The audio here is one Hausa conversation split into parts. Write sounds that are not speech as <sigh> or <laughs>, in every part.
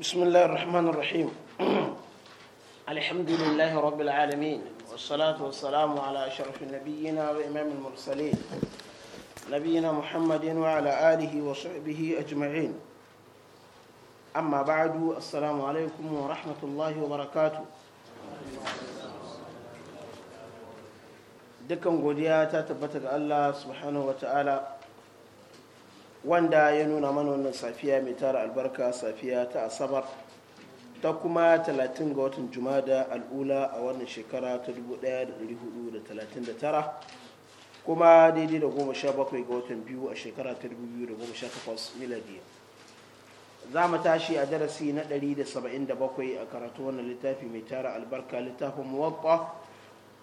بسم الله الرحمن الرحيم <clears throat> الحمد لله رب العالمين والصلاة والسلام على أشرف النبيين وإمام المرسلين نبينا محمد وعلى آله وصحبه أجمعين أما بعد السلام عليكم ورحمة الله وبركاته دكم قديا تتبتك الله سبحانه وتعالى wanda ya nuna mana wannan safiya mai tara albarka safiya ta asabar ta kuma 30 ga watan jumada al'ula a wannan shekara ta 1439 kuma daidai da 17 ga watan biyu a shekara ta 2018 miladiya za mu tashi a darasi na 177 a karatu wannan littafi mai tara albarka littafin muwatta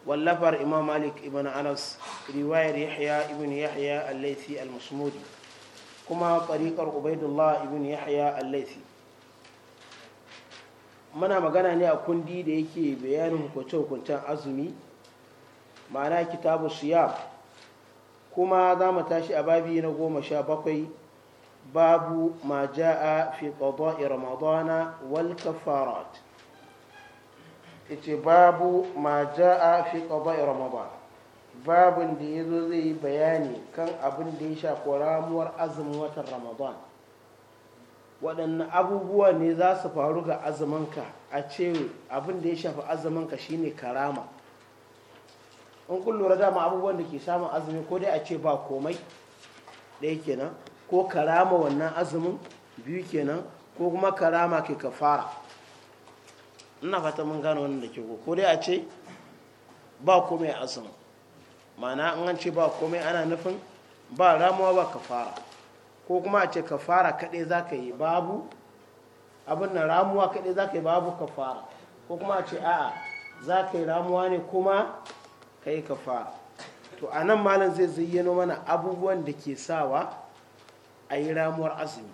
wallafar imam malik ibn anas riwayar yahya ibn yahya al-laythi al-musmudi kuma tariƙar ubaidullah ibn yahya al-laifi muna magana ne a kundi da yake bayanin hukunce-hukuncen azumi ma'ana kitabu siyam kuma za mu tashi a babi na goma sha bakwai babu ma ja'a fi qada'i ramadana wal kafarat ita babu ma ja'a fi qada'i ramadana babin da ya zo zai yi bayani kan abin da ya shafi ramuwar azumin watan ramadan waɗanne abubuwa ne za su faru ga azuminka a ce abin da ya shafi azumanka shine karama in kun lura dama abubuwan da ke samun azumi ko dai a ce ba komai ɗaya kenan ko karama wannan azumin biyu kenan ko kuma karama ke kafara ina fata mun gane wannan da ke ko dai a ce ba komai azumin ma'ana an an ba komai ana nufin ba ramuwa ba ka fara ko kuma a ce ka fara kaɗai za ka yi babu abin na ramuwa kaɗai za ka yi babu ka fara ko kuma a ce a'a za ka yi ramuwa ne kuma ka yi ka fara to a nan malam zai zayyano mana abubuwan da ke sawa a yi ramuwar azumi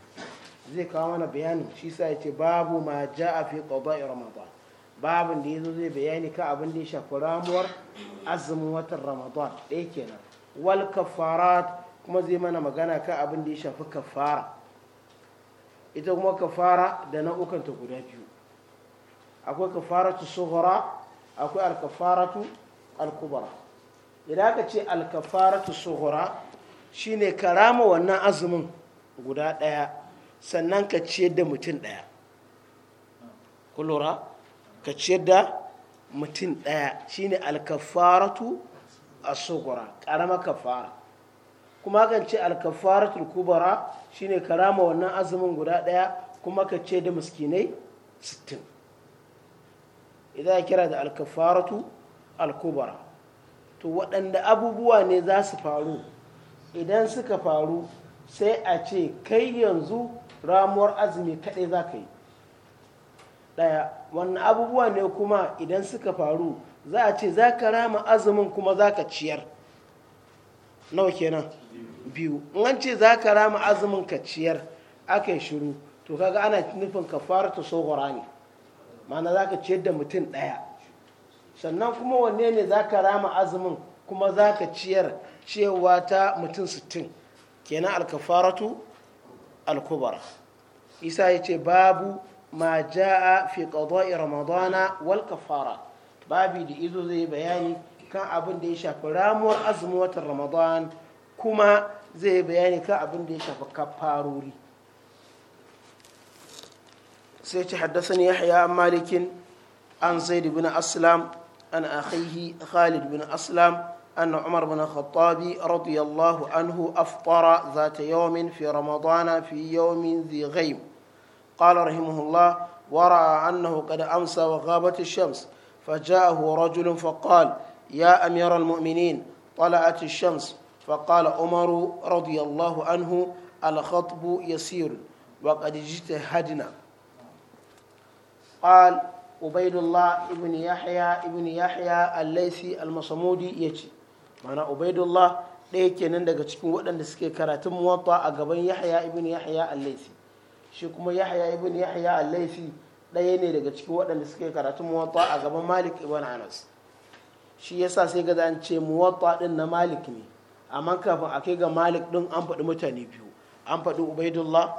zai kawo mana bayanin shi sa ya babu ma ja a fi qada'i ramadan babin da ya zo zai bayani ka abin da ya shafi ramuwar azumin watan ramadan ɗaya kenan wal kafarat kuma zai mana magana ka abin da ya shafi kafara ita kuma kafara da nau'ukanta guda biyu akwai kafaratu sughra akwai alkafaratu alkubara idan aka ce alkafaratu suhura shine ka rama wannan azumin guda ɗaya sannan ka ciyar da mutum ɗaya kulura ka ciyar da mutum ɗaya shine alkafaratu asugura ƙarama kafara kuma kan ce alkafaratul kubara shine karama wannan azumin guda ɗaya kuma ka ce da muskina'i 60 idan kira da alkafaratu alkubara to waɗanda abubuwa ne za su faru idan suka faru sai a ce kai yanzu ramuwar azumi kaɗai za ka yi ɗaya wannan abubuwa ne kuma idan suka faru za a ce za ka rama azumin kuma za ka ciyar nawa kenan biyu in ce za ka rama azumin ka ciyar aka yi shiru to kaga ana nufin ka fara ta tsohora ne mana za ka ciyar da mutum ɗaya sannan kuma wanne ne za ka rama azumin kuma za ka ciyar cewa ta mutum sittin kenan alkafaratu Alkubar. isa ya ce babu ma ja'a fi qada'i ramadana wal kafara babi da izo zai bayani kan abin da ya shafi ramuwar azumin watan ramadan kuma zai bayani kan abin da ya shafi kafarori sai ci haddasa ne yahya malikin an zaid bin aslam an akhihi khalid bin aslam أن عمر بن الخطاب رضي الله عنه أفطر ذات يوم في رمضان في يوم ذي غيم قال رحمه الله ورأى أنه قد أمسى وغابت الشمس فجاءه رجل فقال يا أمير المؤمنين طلعت الشمس فقال عمر رضي الله عنه الخطب يسير وقد اجتهدنا قال عبيد الله ابن يحيى ابن يحيى الليثي المصمودي يجي معنى عبيد الله ɗaya kenan daga cikin waɗanda suke karatun muwatta a gaban yahya ibn yahya al-laisi shi kuma yahya ibn yahya al-laifi ɗaya ne daga cikin waɗanda suke karatu muwatta a gaban malik ibn anas shi yasa sai ga an ce muwatta din na malik ne amma kafin a kai ga malik din an faɗi mutane biyu an faɗi ubaidullah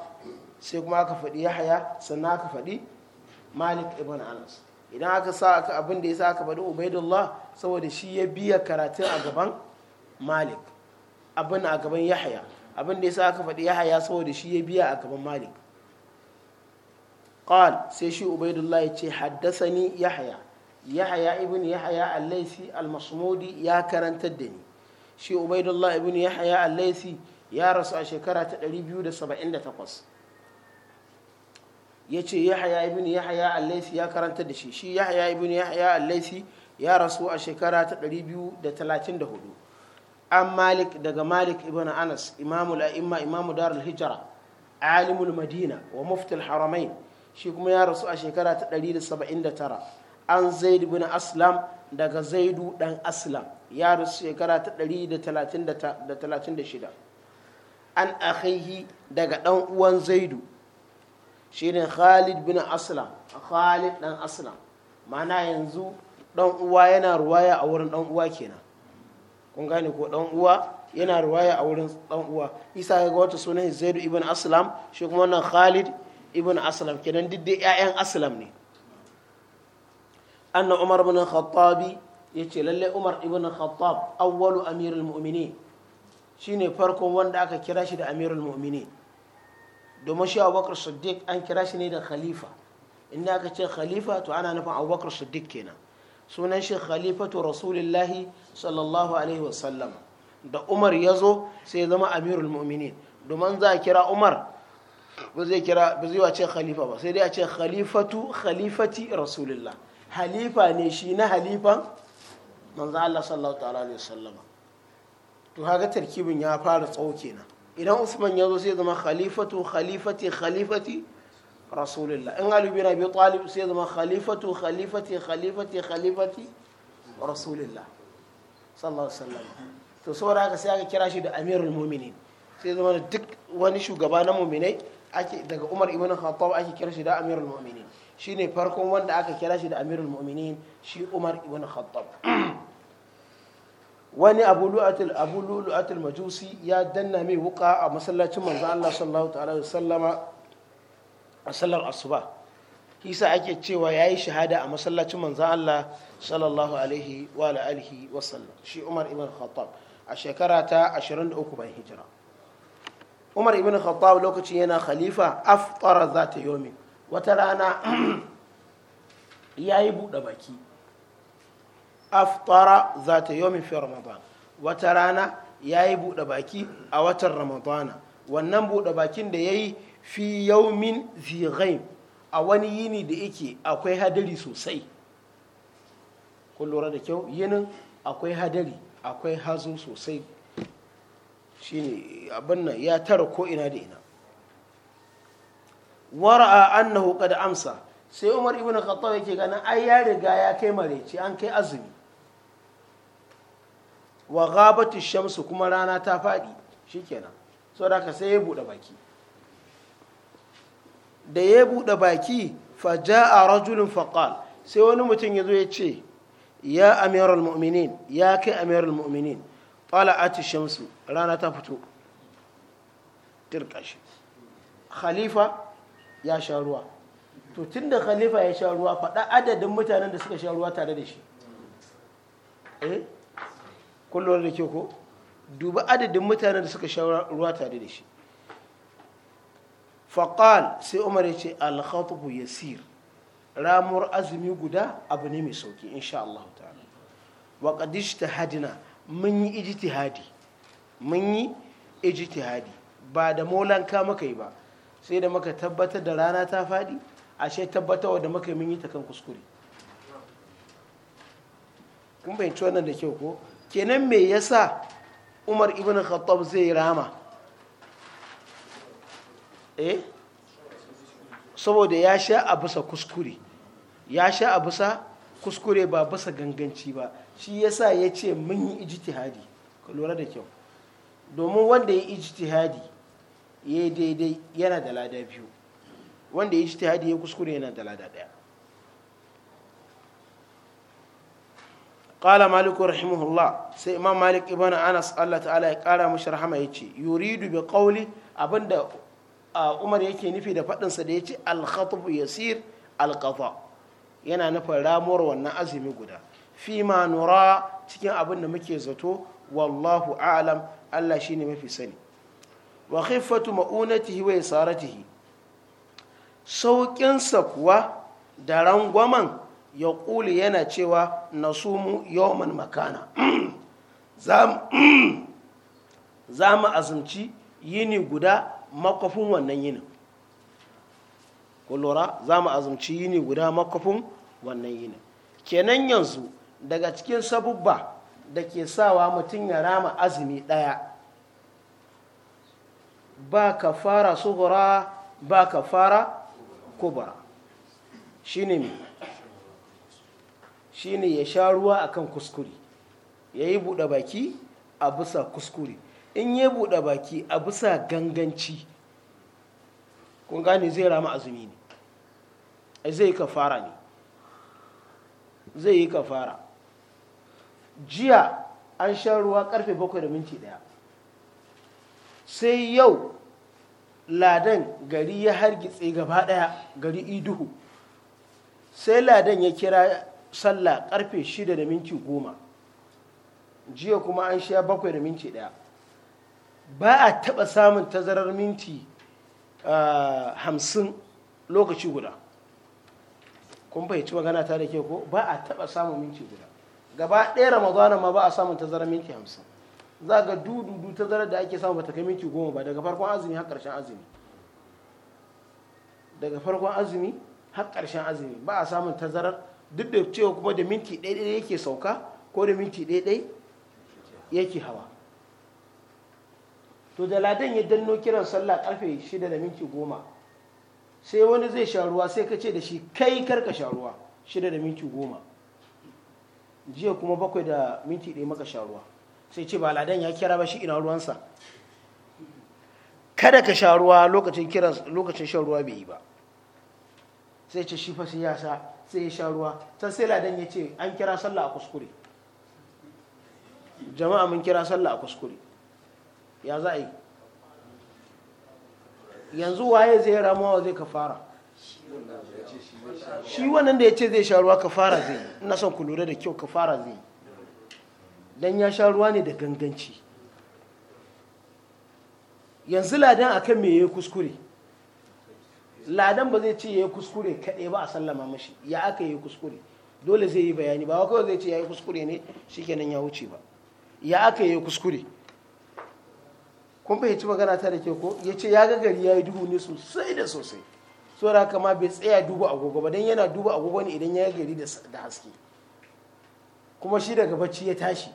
sai kuma aka faɗi yahya sannan aka faɗi malik ibn anas idan aka sa aka abin da ya sa aka faɗi ubaidullah saboda shi ya biya karatun a gaban malik abin a gaban yahya abin da ya sa aka faɗi yahya saboda shi ya biya a gaban malik qal sai shi ubaidullah ya ce ni yahya Yahaya ibn yahya al-laisi al-masmudi ya karantar da ni shi ubaidullah ibn yahya al-laisi ya rasu a shekara ta 278 ya ce yahya ibn yahya al-laisi ya karantar da shi shi yahya ibn yahya al-laisi ya rasu a shekara ta 234 an malik daga malik ibn anas imamul a'imma imamu darul hijra alimul madina wa muftil haramain shi kuma ya rasu a shekara ta 179 an zaid bin aslam daga zaidu dan aslam ya rasu shekara ta 136 an akhihi daga dan uwan zaidu shine khalid bin aslam khalid dan aslam mana yanzu dan uwa yana ruwaya a wurin dan uwa kenan kun gane ko dan uwa yana ruwaya a wurin dan uwa isa ga wata sunan zaidu ibn aslam shi kuma wannan khalid ibn aslam kenan duk dai ƴaƴan aslam ne anna umar ibn khattabi yace lalle umar ibn khattab awwalu amirul mu'minin shine farkon wanda aka kira shi da amirul mu'minin domin shi abubakar siddiq an kira shi ne da khalifa inda aka ce khalifa to ana nufin abubakar siddiq kenan sunan shi khalifatu rasulillahi sallallahu alaihi wasallam da umar ya zo sai ya zama amirul mu'minin domin za a kira umar ba zai kira ba zai wace khalifa ba sai dai a ce khalifatu khalifati rasulullah halifa ne shi na halifan manzo Allah sallallahu ta'ala alaihi to haka tarkibin ya fara tsawo kenan idan Usman ya zo sai zama khalifatu khalifati khalifati rasulullah in Ali bin Abi Talib sai zama khalifatu khalifati khalifati khalifati rasulullah sallallahu alaihi to saboda haka sai aka kira shi da amirul mu'minin sai zama duk wani shugaba na mu'minai ake daga Umar ibn Khattab ake kira shi da Amirul Mu'minin shine farkon wanda aka kira shi da Amirul Mu'minin shi Umar ibn Khattab <clears throat> wani Abu Lu'atul Abu Lu'atul Majusi ya danna mai wuka a masallacin manzo Allah sallallahu ta'ala alaihi wasallama a sallar asuba kisa ake cewa yayi shahada a masallacin manzo Allah sallallahu alaihi wa alihi sallam shi Umar ibn Khattab a shekara ta 23 bayan hijira umar ibn khattab lokaci yana khalifa aftara zata ta yomi wata rana ya yi buɗe baki aftara za ta yomi fi ramadan wata rana ya yi buɗe baki a watan ramadana wannan buɗe bakin da ya yi fi yaumin zighaim a wani yini da yake akwai hadari sosai kun lura da kyau yinin akwai hadari akwai hazo sosai ne abin nan ya tara ko ina da ina wara'a annahu kada amsa sai Umar ibn Khattab yake ganin ai ya riga ya kai mareci an kai azumi wa gabatu shamsu kuma rana ta faɗi shikenan da ka sai ya buɗe baki da ya buɗe baki fa a rajulun faƙal sai wani mutum ya zo ya ce ya amirul mu'minin ya kai amirul mu'minin tala'ati shamsu rana ta fito shi khalifa ya sha ruwa to tun da khalifa ya sha ruwa faɗa adadin mutanen da suka sha ruwa tare da shi eh kullum da ke ko duba adadin mutanen da suka sha ruwa tare da shi faƙal sai umar ya ce ya sir ramuwar azumi guda abu ne mai sauki insha Allah ta'ala wa ta hadina mun yi ijtihadi mun yi ijtihadi ba da molanka muka yi ba sai da muka tabbatar da rana ta faɗi ashe tabbatar da muka yi mun yi ta kan kuskure kun bayanci wannan da kyau ko kenan me yasa umar ibn khattab zai rama eh saboda ya sha a bisa kuskure ya sha a bisa kuskure ba bisa ganganci ba shi yasa ya ce mun yi ijtihadi ka lura da kyau domin wanda ya ijtihadi ya daidai yana da lada biyu wanda ya hadi ya kuskure yana da lada daya قال مالك رحمه الله سي امام مالك ابن انس الله تعالى ya kara mishi rahama ce yuridu bi qawli abinda Umar yake nufi da fadin sa da ya al khatb yasir al yana nufin ramuwar wannan azumi guda fi ma nura cikin abin da muke zato wallahu alam Allah shine mafi sani wa khiffatu ma'unatihi wa Saukin sa kuwa da rangwaman ya kuli yana cewa na sumu yawman makana <clears throat> <clears throat> za mu azumci yini guda makwafin wannan yinin azumci yini guda makwafin wannan yinin kenan yanzu daga cikin sabubba da ke sawa mutum ya rama azumi ɗaya ba ka fara suhura ba ka fara kubara shi ne mai shi ne ya sha ruwa akan kuskure ya yi buɗe baki a bisa kuskure in ya buɗe baki a bisa ganganci kun gane zai rama azumi ne zai ka fara ne zai yi ka fara jiya an sha ruwa karfe bakwai da minti daya sai yau ladan gari ya hargitse gaba daya gari iduhu sai ladan ya kira sallah karfe shida da minti goma jiya kuma an sha bakwai da minti daya ba a taɓa samun tazarar minti hamsin lokaci guda kun fahimci magana ta da ke ko ba a taba samun minti guda gaba ɗaya ramadana ma ba a samun tazara minti hamsin za ga dududu tazara da ake samu bata kai minti goma ba daga farkon azumi har ƙarshen azumi daga farkon azumi har ƙarshen azumi ba a samun tazarar duk da cewa kuma da minti ɗaiɗai yake sauka ko da minti ɗaiɗai yake hawa to da ladan ya danno kiran sallah karfe shida da minti goma sai wani zai sha ruwa sai ka ce da shi kai karka sha ruwa shida da minti goma jiya kuma bakwai da minti ɗaya maka sha ruwa sai ce ba al'adan ya kira ba shi ina ruwansa kada ka sha ruwa lokacin kiran lokacin shan ruwa bai yi ba sai ce shi fa sai ya sai ya sha ruwa ta sai al'adan ya ce an kira sallah a kuskure jama'a mun kira sallah a kuskure ya za a yi yanzu waye zai ramuwa zai ka fara shi wannan da ya ce zai sha ruwa ka fara zai na son ku lura da kyau ka fara zai don ya sha ruwa ne da ganganci yanzu ladan akan me ya yi kuskure ladan ba zai ce ya yi kuskure kaɗai ba a sallama mashi ya aka yi kuskure dole zai yi bayani ba kawai zai ce ya yi kuskure ne kenan ya wuce ba ya aka yi kuskure kun fahimci magana ta da ke ko ya ce ya ga gari ya yi duhu ne sosai da sosai saboda haka ma bai tsaya duba agogo ba don yana duba agogo ne idan ya yi gari da haske kuma shi daga bacci ya tashi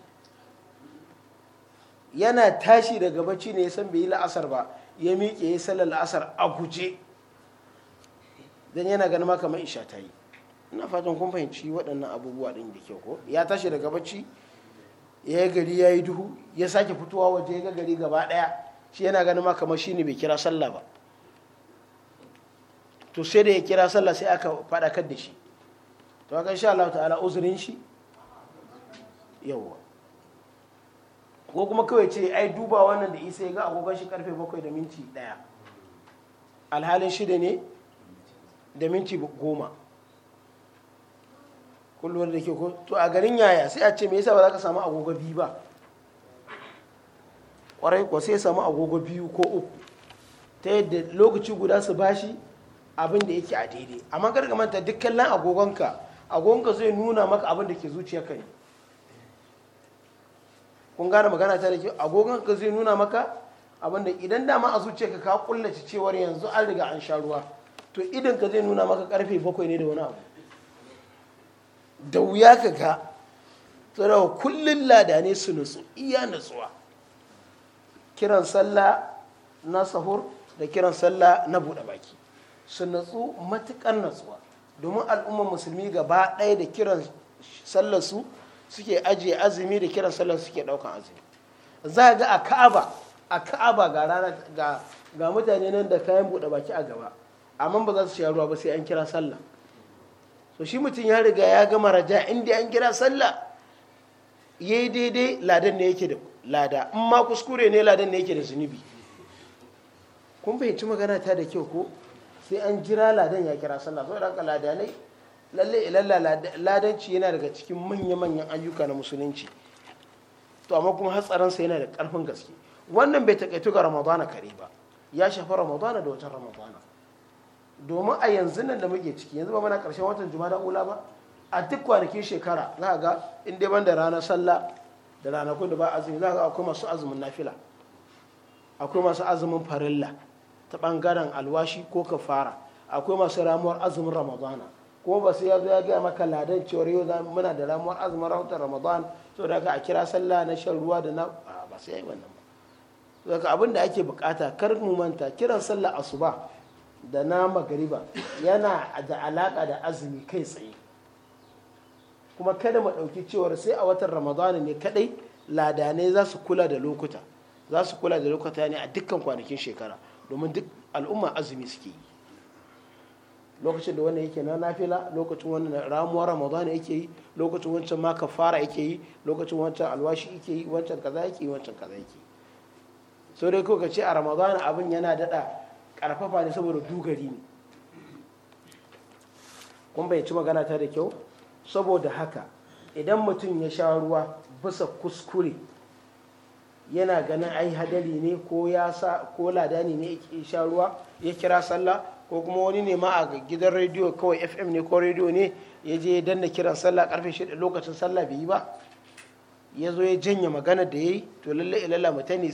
yana tashi daga bacci ne ya san bai yi la'asar ba ya miƙe ya sallar la'asar a guje don yana ganin ma kamar isha ta yi ina fatan kun fahimci waɗannan abubuwa ɗin da kyau ko ya tashi daga bacci ya yi gari ya yi duhu ya sake fitowa waje ya ga gari gaba ɗaya shi yana ganin ma kamar shi ne bai kira sallah ba to sai da ya kira sallah sai aka kar da shi to haka insha Allah ta'ala uzurin shi yawa ko kuma kawai ce ai duba wannan da isa ya ga agogon shi karfe 7 da minti 1 alhalin shida ne da minti 10 kullum da ke ko to a garin yaya sai a ce me yasa ba za ka samu agogo biyu ba kwarai ko sai samu agogo biyu ko uku ta yadda lokaci guda su bashi abin da yake a daidai amma karka ka manta duk kallon agogonka agogonka zai nuna maka abin da ke zuciyarka ne kun gane magana ta da ke agogonka zai nuna maka abin da idan dama a zuciyarka ka kullace cewar yanzu an riga an sha ruwa to idan ka zai nuna maka karfe bakwai ne da wani abu da wuya ka ga tsarawa kullum lada ne su nutsu iya nutsuwa kiran sallah na sahur da kiran sallah na buɗe baki su natsu matuƙar natsuwa domin al'ummar musulmi gaba ɗaya da kiran sallarsu suke ajiye azumi da kiran sallar suke ɗaukan azumi za ga a ka'aba a ka'aba ga rana ga ga mutane nan da kayan buɗe baki a gaba amma ba za su sha ruwa ba sai an kira sallah so shi mutum ya riga ya gama raja inda an kira sallah ya daidai ladan ne yake da lada in ma kuskure ne ladan ne yake da zunubi kun fahimci magana ta da kyau ko sai an jira ladan ya kira sallah saboda haka ladanai lalle ilalla ladanci yana daga cikin manya-manyan ayyuka na musulunci to amma kuma sa yana da karfin gaske wannan bai takaitu ga ramadana kare ba ya shafa ramadana da watan ramadana domin a yanzu nan da muke ciki yanzu ba muna karshen watan juma'a ula ba a duk kwanakin shekara za ga in dai ban da ranar sallah da ranakun da ba azumi za ga akwai masu azumin nafila akwai masu azumin farilla ta bangaren alwashi ko ka fara akwai masu ramuwar azumin ramadana ko ba sai ya ya gaya maka ladan cewar yau muna da ramuwar azumin rahoton ramadana to da a kira sallah na shan ruwa da na ba sai yi wannan ba abin da ake bukata kar mu manta kiran sallah asuba da na magariba yana da alaka da azumi kai tsaye kuma kada mu ɗauki cewar sai a watan ramadana ne kadai ladanai za su kula da lokuta za su kula da lokuta ne a dukkan kwanakin shekara domin duk al'umma azumi suke yi lokacin da wannan yake na nafila lokacin wannan ramuwar ramadana yake yi lokacin wancan maka fara yake yi lokacin wancan alwashi yake yi wancan kaza yake yi wancan kaza yake yi so dai ko kace a ramadana abin yana daɗa karfafa ne saboda dugari ne kun bai ci magana ta da kyau saboda haka idan mutum ya sha ruwa bisa kuskure yana ganin ai hadari ne ko ya sa ko ladani ne ya sha ruwa ya kira sallah ko kuma wani ne ma a gidan rediyo kawai fm ne ko rediyo ne ya je danna kiran sallah karfe shida lokacin sallah bai yi ba ya zo ya janye magana da yayi to lalle ilalla mutane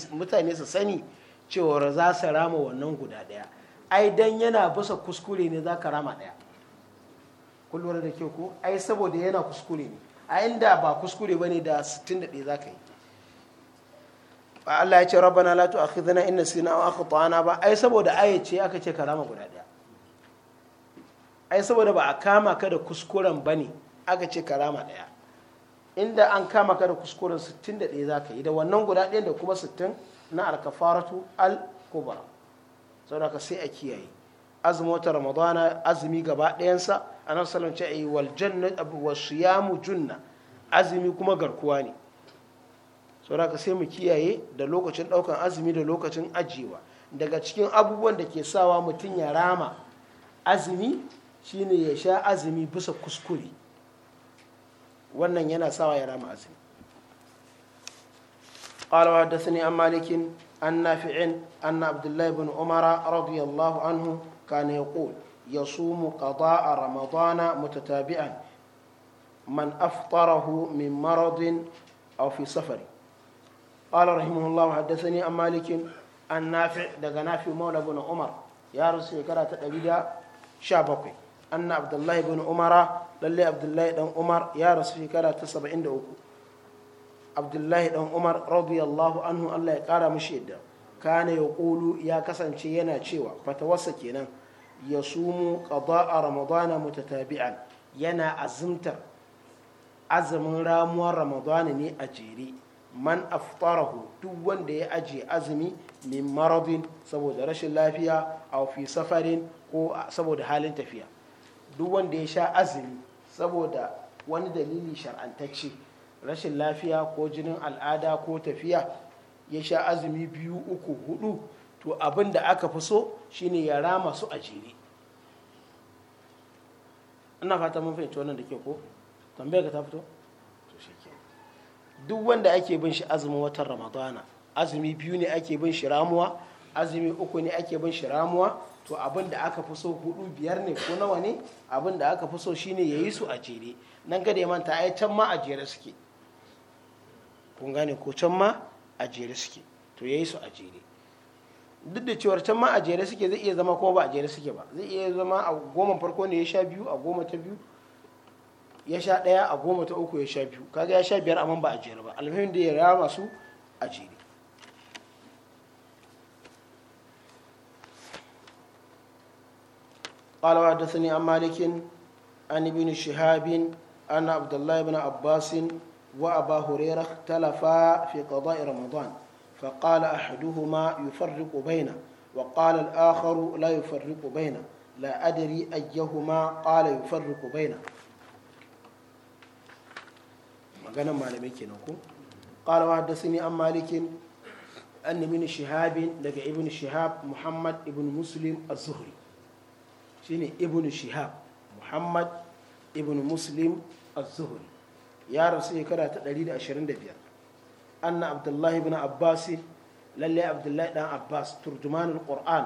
su sani cewa za su rama wannan guda daya ai dan yana basa kuskure ne za ka rama daya kullum da ke ko ai saboda yana kuskure ne a inda ba kuskure ba ne da 61 za ka yi ba Allah ya ce rabbana la tu'akhidhna in nasina aw akhtana ba ai saboda aya ce aka ce karama guda daya ai saboda ba a kama ka da kuskuren bane aka ce karama daya inda an kama ka da kuskuren 61 zaka yi da wannan guda ɗayan da kuma 60 na alkafaratu al-kubra saboda ka sai a kiyaye azumi wata ramadana azumi gaba dayansa a nan salon ce a yi wal janna abu wasu yamu junna azumi kuma garkuwa ne saboda sai mu kiyaye da lokacin ɗaukan azumi da lokacin ajiyewa daga cikin abubuwan da ke sawa mutum ya rama azumi shine ya sha azumi bisa kuskure wannan yana sawa ya rama azumi an na عن مالك عن نافع أن عبد الله بن عمر رضي ya عنه كان يقول يصوم قضاء رمضان متتابعا من أفطره من مرض أو في سفر قال رحمه الله حدثني عن مالك عن نافع دغ نافع مولى بن عمر يا رسول كرا تدبيدا شابكي أن عبد الله بن عمر للي عبد الله بن عمر يا رسول كرا تسبع عند عبد الله بن عمر رضي الله عنه الله يقرا مشيدا كان يقول يا كسانشي ينا تشيوا فتوسى كينان يصوم قضاء رمضان متتابعا yana azumtar azumin ramuwar ramadana ne a jere man aftarahu duk wanda ya aje azumi min maradin saboda rashin lafiya a fi safarin ko saboda halin tafiya duk wanda ya sha azumi saboda wani dalili shar'antacce rashin lafiya ko jinin al'ada ko tafiya ya sha azumi biyu uku hudu to abin da aka fi so shine ya rama su a jere ina fata mun fahimci wannan da ke ko tambaya ka ta fito duk wanda ake bin shi azumin watan ramadana azumi biyu ne ake bin shi ramuwa azumi uku ne ake bin shi ramuwa to abin da aka fi so hudu biyar ne ko nawa ne abin da aka fi so shine ya yi su a jere nan kada ya manta ai can ma a jere suke kun gane ko can ma a jere suke to ya yi su a jere duk da cewar can ma a jere suke zai iya zama kuma ba a jere suke ba zai iya zama a goma farko ne ya sha biyu a goma ta biyu ya sha ɗaya a goma ta uku ya sha biyu kaga ya sha biyar a man ba a jere ba alhamdulillah da ya rama masu a jere qalawa da sani an malikin an ibn shihabin an abdullahi ibn abbasin wa aba huraira talafa fi qada'i ramadan fa qala ahaduhuma yufarriqu baina wa qala al-akharu la yufarriqu baina la adri ayyuhuma qala yufarriqu baina maganan malamai kenan ko qala wa haddathani an malikin an ibn shihab daga ibn shihab muhammad ibn muslim az-zuhri shine ibn shihab muhammad ibn muslim az-zuhri ya rasu shekara ta 125 anna abdullah ibn abbas lalle abdullah dan abbas turjumanul qur'an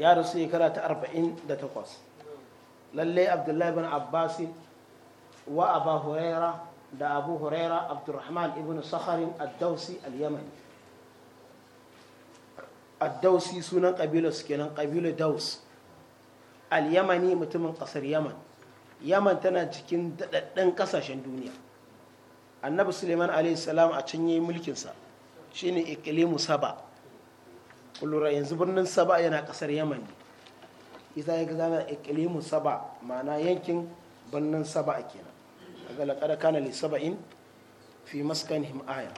ya rasu shekara ta 48 lalle abdullah ibn abbas wa aba da abu huraira abdurrahman ibn sakharin addausi al-yamani addausi sunan ƙabilar su kenan ƙabilar daus al-yamani mutumin ƙasar yaman yaman tana cikin daɗaɗɗen ƙasashen duniya annabi suleiman alaihissalam a can yayi mulkinsa shine ikilimu saba kullura yanzu birnin saba yana ƙasar Yamani. ne isa ya gaza na ikilimu saba mana yankin birnin saba kenan laqad kana li fi aya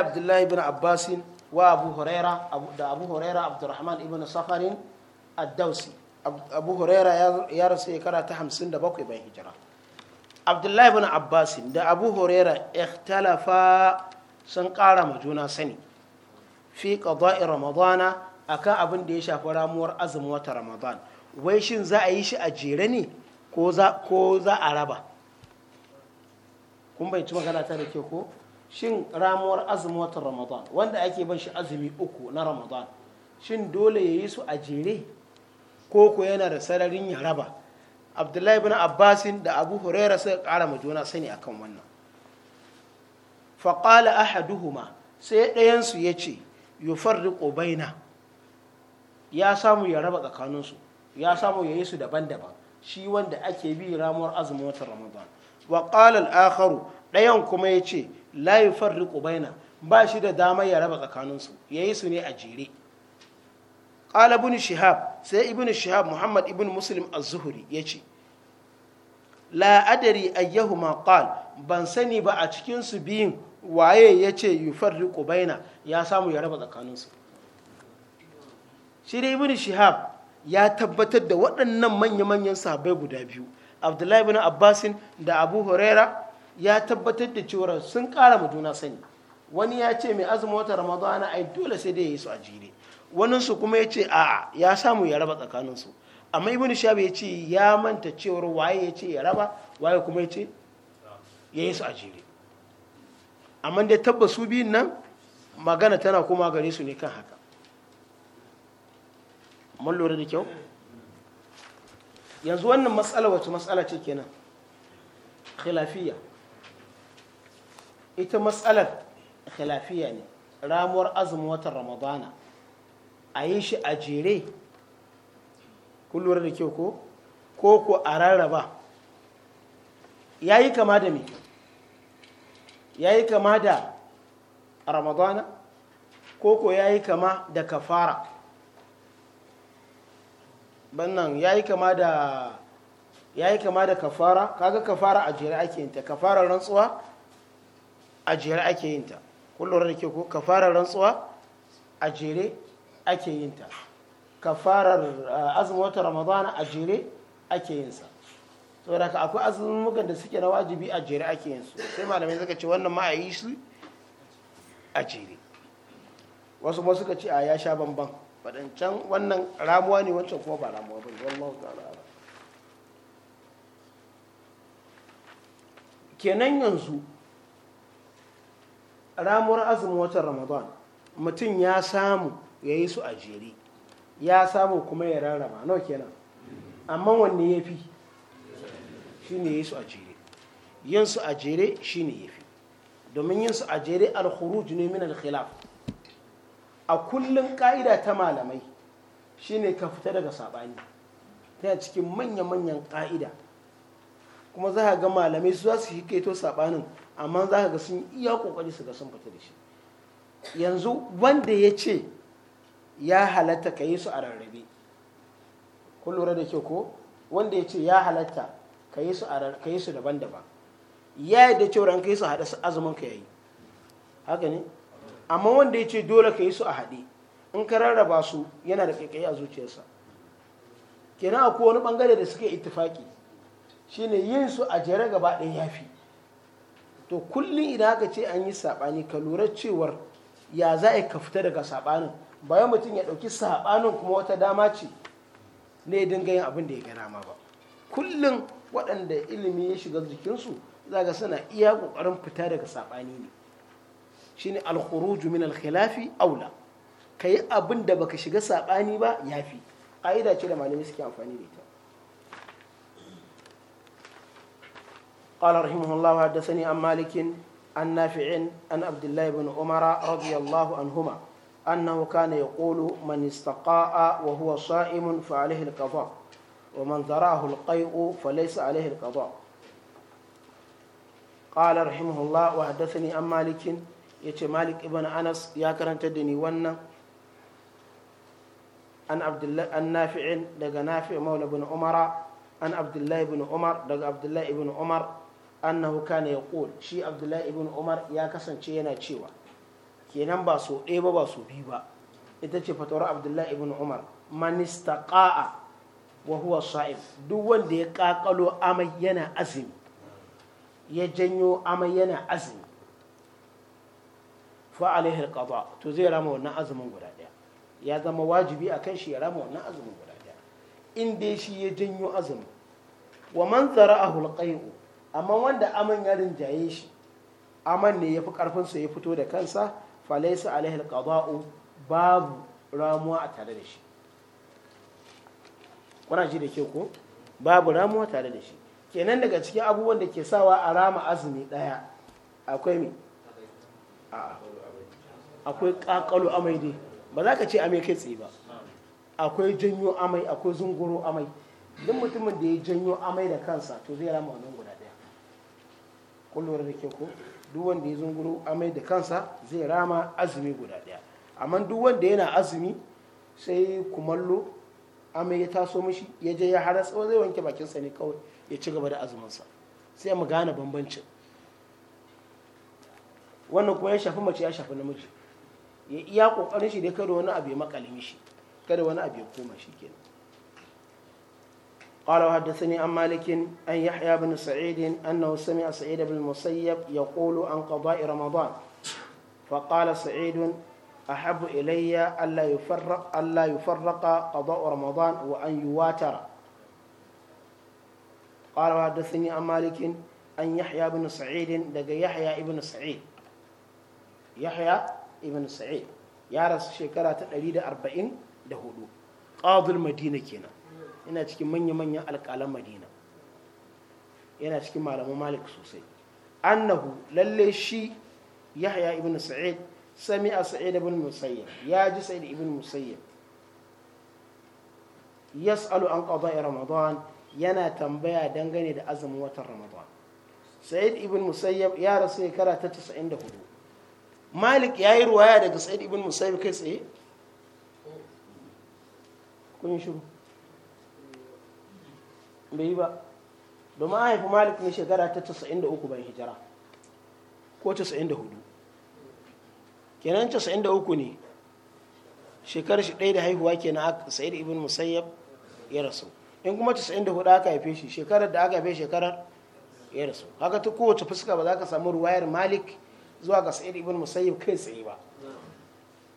abdullahi ibn abbas wa abu huraira da abu huraira abdurrahman ibn safarin ad abu huraira ya rasu shekara ta bakwai bayan hijira abdullahi ibn abbas da abu huraira ikhtalafa sun ƙara ma juna sani fi qada'i ramadana akan abin da ya shafi ramuwar azumin wata ramadan wai shin za a yi shi a jere ne ko za a raba kun bai ci magana ta da ke ko shin ramuwar azumin watan ramadan wanda ake ban shi azumi uku na ramadan shin dole ya yi su a jere ko ko yana da sararin ya raba abdullahi bin abbasin da abu huraira suka kara ma juna sani akan wannan faƙala ahaduhuma sai ɗayansu ya ce yufarriqu baina ya samu ya raba tsakaninsu ya samu ya yi su daban-daban shi wanda ake bi ramuwar azumin watan ramadan wa qalal akharu ɗayan kuma yace la yufarriqu baina ba shi da dama ya raba tsakaninsu ya yi su ne a jere qala shihab sai ibn shihab muhammad ibn muslim az-zuhri yace la adari ayyahuma qal ban sani ba a cikin su biyun waye ya yace yufarriqu baina ya samu ya raba tsakaninsu shi dai ibn shihab ya tabbatar da waɗannan manya-manyan sahabbai guda biyu abdullahi bin abbasin da abu huraira ya tabbatar da cewar sun ƙara mu juna sani wani ya ce mai azumin wata ramadana ai dole sai dai ya yi su a jere wani kuma ya ce a'a ya samu ya raba tsakaninsu amma ibn shabi ya ce ya manta cewar waye ya ce ya raba waye kuma ya ce ya yi su a jere amma dai tabbas biyun nan magana tana kuma gare su ne kan haka mun lura da kyau yanzu wannan matsala wacce matsala ce kenan khilafiyya ita matsalar khilafiyya ne ramuwar azumin watan ramadana a yi shi a jere kun lura da kyau ko ko ko a rarraba ya yi kama da me ya yi kama da ramadana ko ko ya yi kama da kafara bannan ya yi kama da kafara kaga kafara a jere ake yinta kafara rantsuwa a jere ake yinta kullum da ke ko kafara rantsuwa a jere ake yinta kafarar ah, azumin wata ramadana a jere ake yinsa da ka akwai azumukan da suke na wajibi a jere ake yin su sai malamai suka ce wannan ma a yi su a jere wasu ma suka ce a ya sha bambam. fadancan wannan ramuwa ne wancan kuma ba ramuwa ba ne wallahu ta'ala kenan yanzu ramuwar azumin watan ramadan mutum ya samu ya yi su a jere ya samu kuma ya rarraba nawa kenan amma wanne ya fi shi ne ya yi su a jere yin su a jere shi ne ya fi domin yin su a jere alkhuruj jini min alkhilaf a kullum ƙa'ida ta malamai shine ka fita daga saɓani tana cikin manya-manyan ƙa'ida kuma za ka ga malamai su za su kaito saɓanin amma za ka ga sun iya ƙoƙari su ga sun fita da shi yanzu wanda ya ce ya halatta ka yi su a rarrabe kun lura da kyau ko wanda ya ce ya halatta ka yi su daban-daban ya yi da cewa ka yi su haɗa azumin ka yayi haka ne amma wanda ya ce dole ka yi su a haɗe in ka rarraba su yana da kaikayi a zuciyarsa kenan akwai wani ɓangare da suke ittifaki shine yin su a jere gaba ɗaya ya fi to kullum idan aka ce an yi saɓani ka lura cewar ya za a ka fita daga saɓanin bayan mutum ya ɗauki saɓanin kuma wata dama ce ne dinga yin abin da ya gana ma ba kullum waɗanda ilimi ya shiga jikinsu za ga suna iya ƙoƙarin fita daga saɓani ne shine al-khuruj min al-khilafi aula kai abin da baka shiga sabani ba yafi ƙa'ida ce da malamai suke amfani da ita قال رحمه الله حدثني عن مالك عن نافع عن عبد الله بن عمر رضي الله عنهما أنه كان يقول من استقاء وهو صائم فعليه القضاء ومن ذراه القيء فليس عليه القضاء قال رحمه الله وحدثني عن مالك ya ce malik ibn anas ya karanta da ni wannan an abdullahi an nafi'in daga nafi' maula ibn umara an abdullahi ibn umar daga abdullahi ibn umar annahu ya yaqul shi abdullahi ibn umar ya kasance yana cewa kenan ba so ɗaya ba ba so biyu ba ita ce fatawar abdullahi ibn umar man istaqa'a wa huwa sha'ib duk wanda ya kakalo amai yana azim ya janyo amai yana azim. fa alaihi alqada to zai rama wannan azumin guda daya ya zama wajibi akan shi ya rama wannan azumin guda daya in dai shi ya janyo azumin wa man zara'ahu alqai'u amma wanda aman ya rinjaye shi aman ne yafi karfin sa ya fito da kansa fa laysa alaihi alqada'u babu ramuwa a tare da shi kuna ji da ke ko babu ramuwa tare da shi kenan daga cikin abubuwan da ke sawa a rama azumi daya akwai mi a'a akwai ƙaƙalo amai dai ba za ka ce amai kai tsaye ba akwai janyo amai akwai zunguru amai duk mutumin da ya janyo amai da kansa to zai rama wannan guda ɗaya kullum da ke ko duk wanda ya zunguru amai da kansa zai rama azumi guda ɗaya amma duk wanda yana azumi sai kumallo amai ya taso mishi ya je ya haras zai wanke bakinsa ne kawai ya ci gaba da azuminsa sai mu gane bambancin wannan kuma ya shafi mace ya shafi namiji ya iya kokarin shi dai kada wani abu ya makale mishi kada wani abu ya koma shi kenan قال وحدثني عن مالك أن يحيى بن سعيد أنه سمع سعيد بن المسيب يقول عن قضاء رمضان فقال سعيد أحب إلي ألا يفرق ألا يفرق قضاء رمضان وأن يواتر قال وحدثني عن مالك أن يحيى بن سعيد دق يحيى ابن سعيد يحيى ibn sa'id ya rasu shekara ta 144 qadul madina kenan yana cikin manya-manyan alƙalan madina yana cikin malaman malik sosai annahu lalle shi yahya ibn sa'id sami a sa'id ibn musayyib ya ji sa'id ibn musayyib yas'alu an qada'i ramadan yana tambaya dangane da azumin watan ramadan sa'id ibn musayyib ya rasu shekara ta 94 malik ya yi ruwaya daga sa'id ibn musayyib kai tsaye kun shiru bai yi ba domin an haifi malik ne shekara ta 93 bayan hijira ko 94 kenan 93 ne shekarar shi ɗaya da haihuwa kenan sa'id ibn musayyab ya rasu in kuma 94 aka haife shi shekarar da aka haife shekarar ya rasu haka ta kowace fuska ba za ka samu ruwayar malik zuwa ga sa'id ibn musayyib kai tsaye ba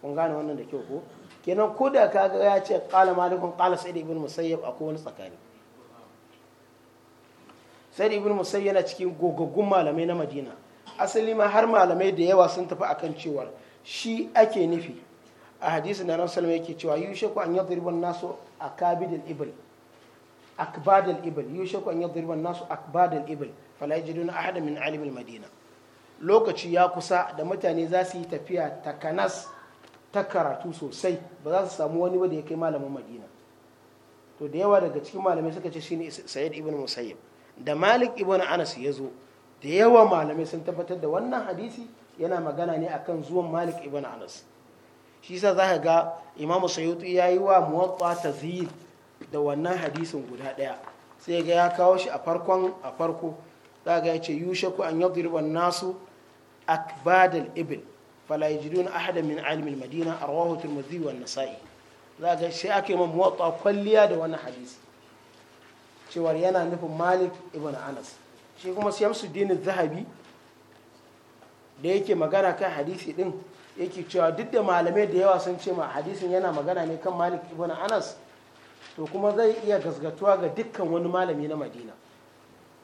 kun gane wannan da kyau ko kenan ko da ka ga ya ce qala malikun qala sa'id ibn musayyib akwai wani tsakani sa'id ibn musayyib yana cikin gogaggun malamai na madina asali ma har malamai da yawa sun tafi akan cewa shi ake nufi a hadisin da rasul yake cewa yushaku an yadribu an-nasu akabidil ibl akbadil ibl yushaku an yadribu an-nasu akbadil ibl fala yajiduna ahada min alimil madina lokaci ya kusa da mutane za su yi tafiya ta kanas ta karatu sosai ba za su samu wani ba da ya kai malamin madina to da yawa daga cikin malamai suka ce shine sayyid ibn musayyib da malik ibn anas ya zo da yawa malamai sun tabbatar da wannan hadisi yana magana ne akan zuwan malik ibn anas shi sa za ka ga imamu Sayyidu ya yi wa muwatta tazhir da wannan hadisin guda ɗaya sai ga ya kawo shi a farkon a farko za ga ya ce yushaku an yadriba nasu akbadal ibil fala yajiduna ahada min alimil madina arwahu tirmidhi wa nasa'i za ga sai ake ma muwatta kwalliya da wani hadisi cewa yana nufin malik ibn anas shi kuma shamsuddin zahabi da yake magana kan hadisi din yake cewa duk da malamai da yawa sun ce ma hadisin yana magana ne kan malik ibn anas to kuma zai iya gasgatuwa ga dukkan wani malami na madina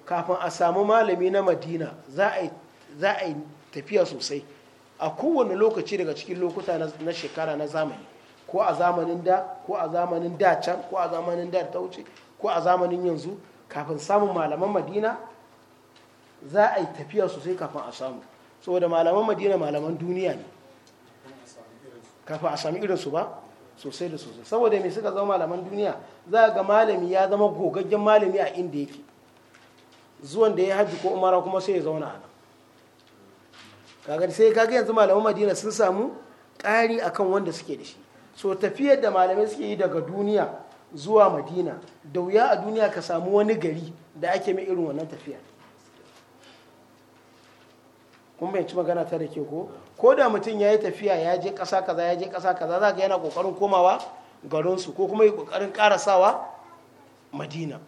kafin a samu malami na madina za a yi tafiya sosai a kowane lokaci daga cikin lokuta na shekara na zamani ko a zamanin da ko a zamanin da can ko a zamanin da ta wuce ko a zamanin yanzu kafin samun malaman madina za a yi tafiya sosai kafin a samu saboda malaman madina malaman duniya ne kafin a sami irinsu ba sosai da sosai saboda mai suka zama malaman duniya za ga malami ya zama gogaggen malami a inda yake zuwan da ya hajji ko umara kuma sai ya zauna a nan kaga sai kaga yanzu malaman madina sun samu ƙari akan wanda suke da shi so tafiyar da malamai suke yi daga duniya zuwa madina da wuya a duniya ka samu wani gari da ake mai irin wannan tafiyar kun bayanci magana ta da ke ko ko da mutum ya yi tafiya ya je ƙasa kaza ya je ƙasa kaza za ka yana ƙoƙarin komawa garinsu ko kuma yi ƙoƙarin ƙarasawa madina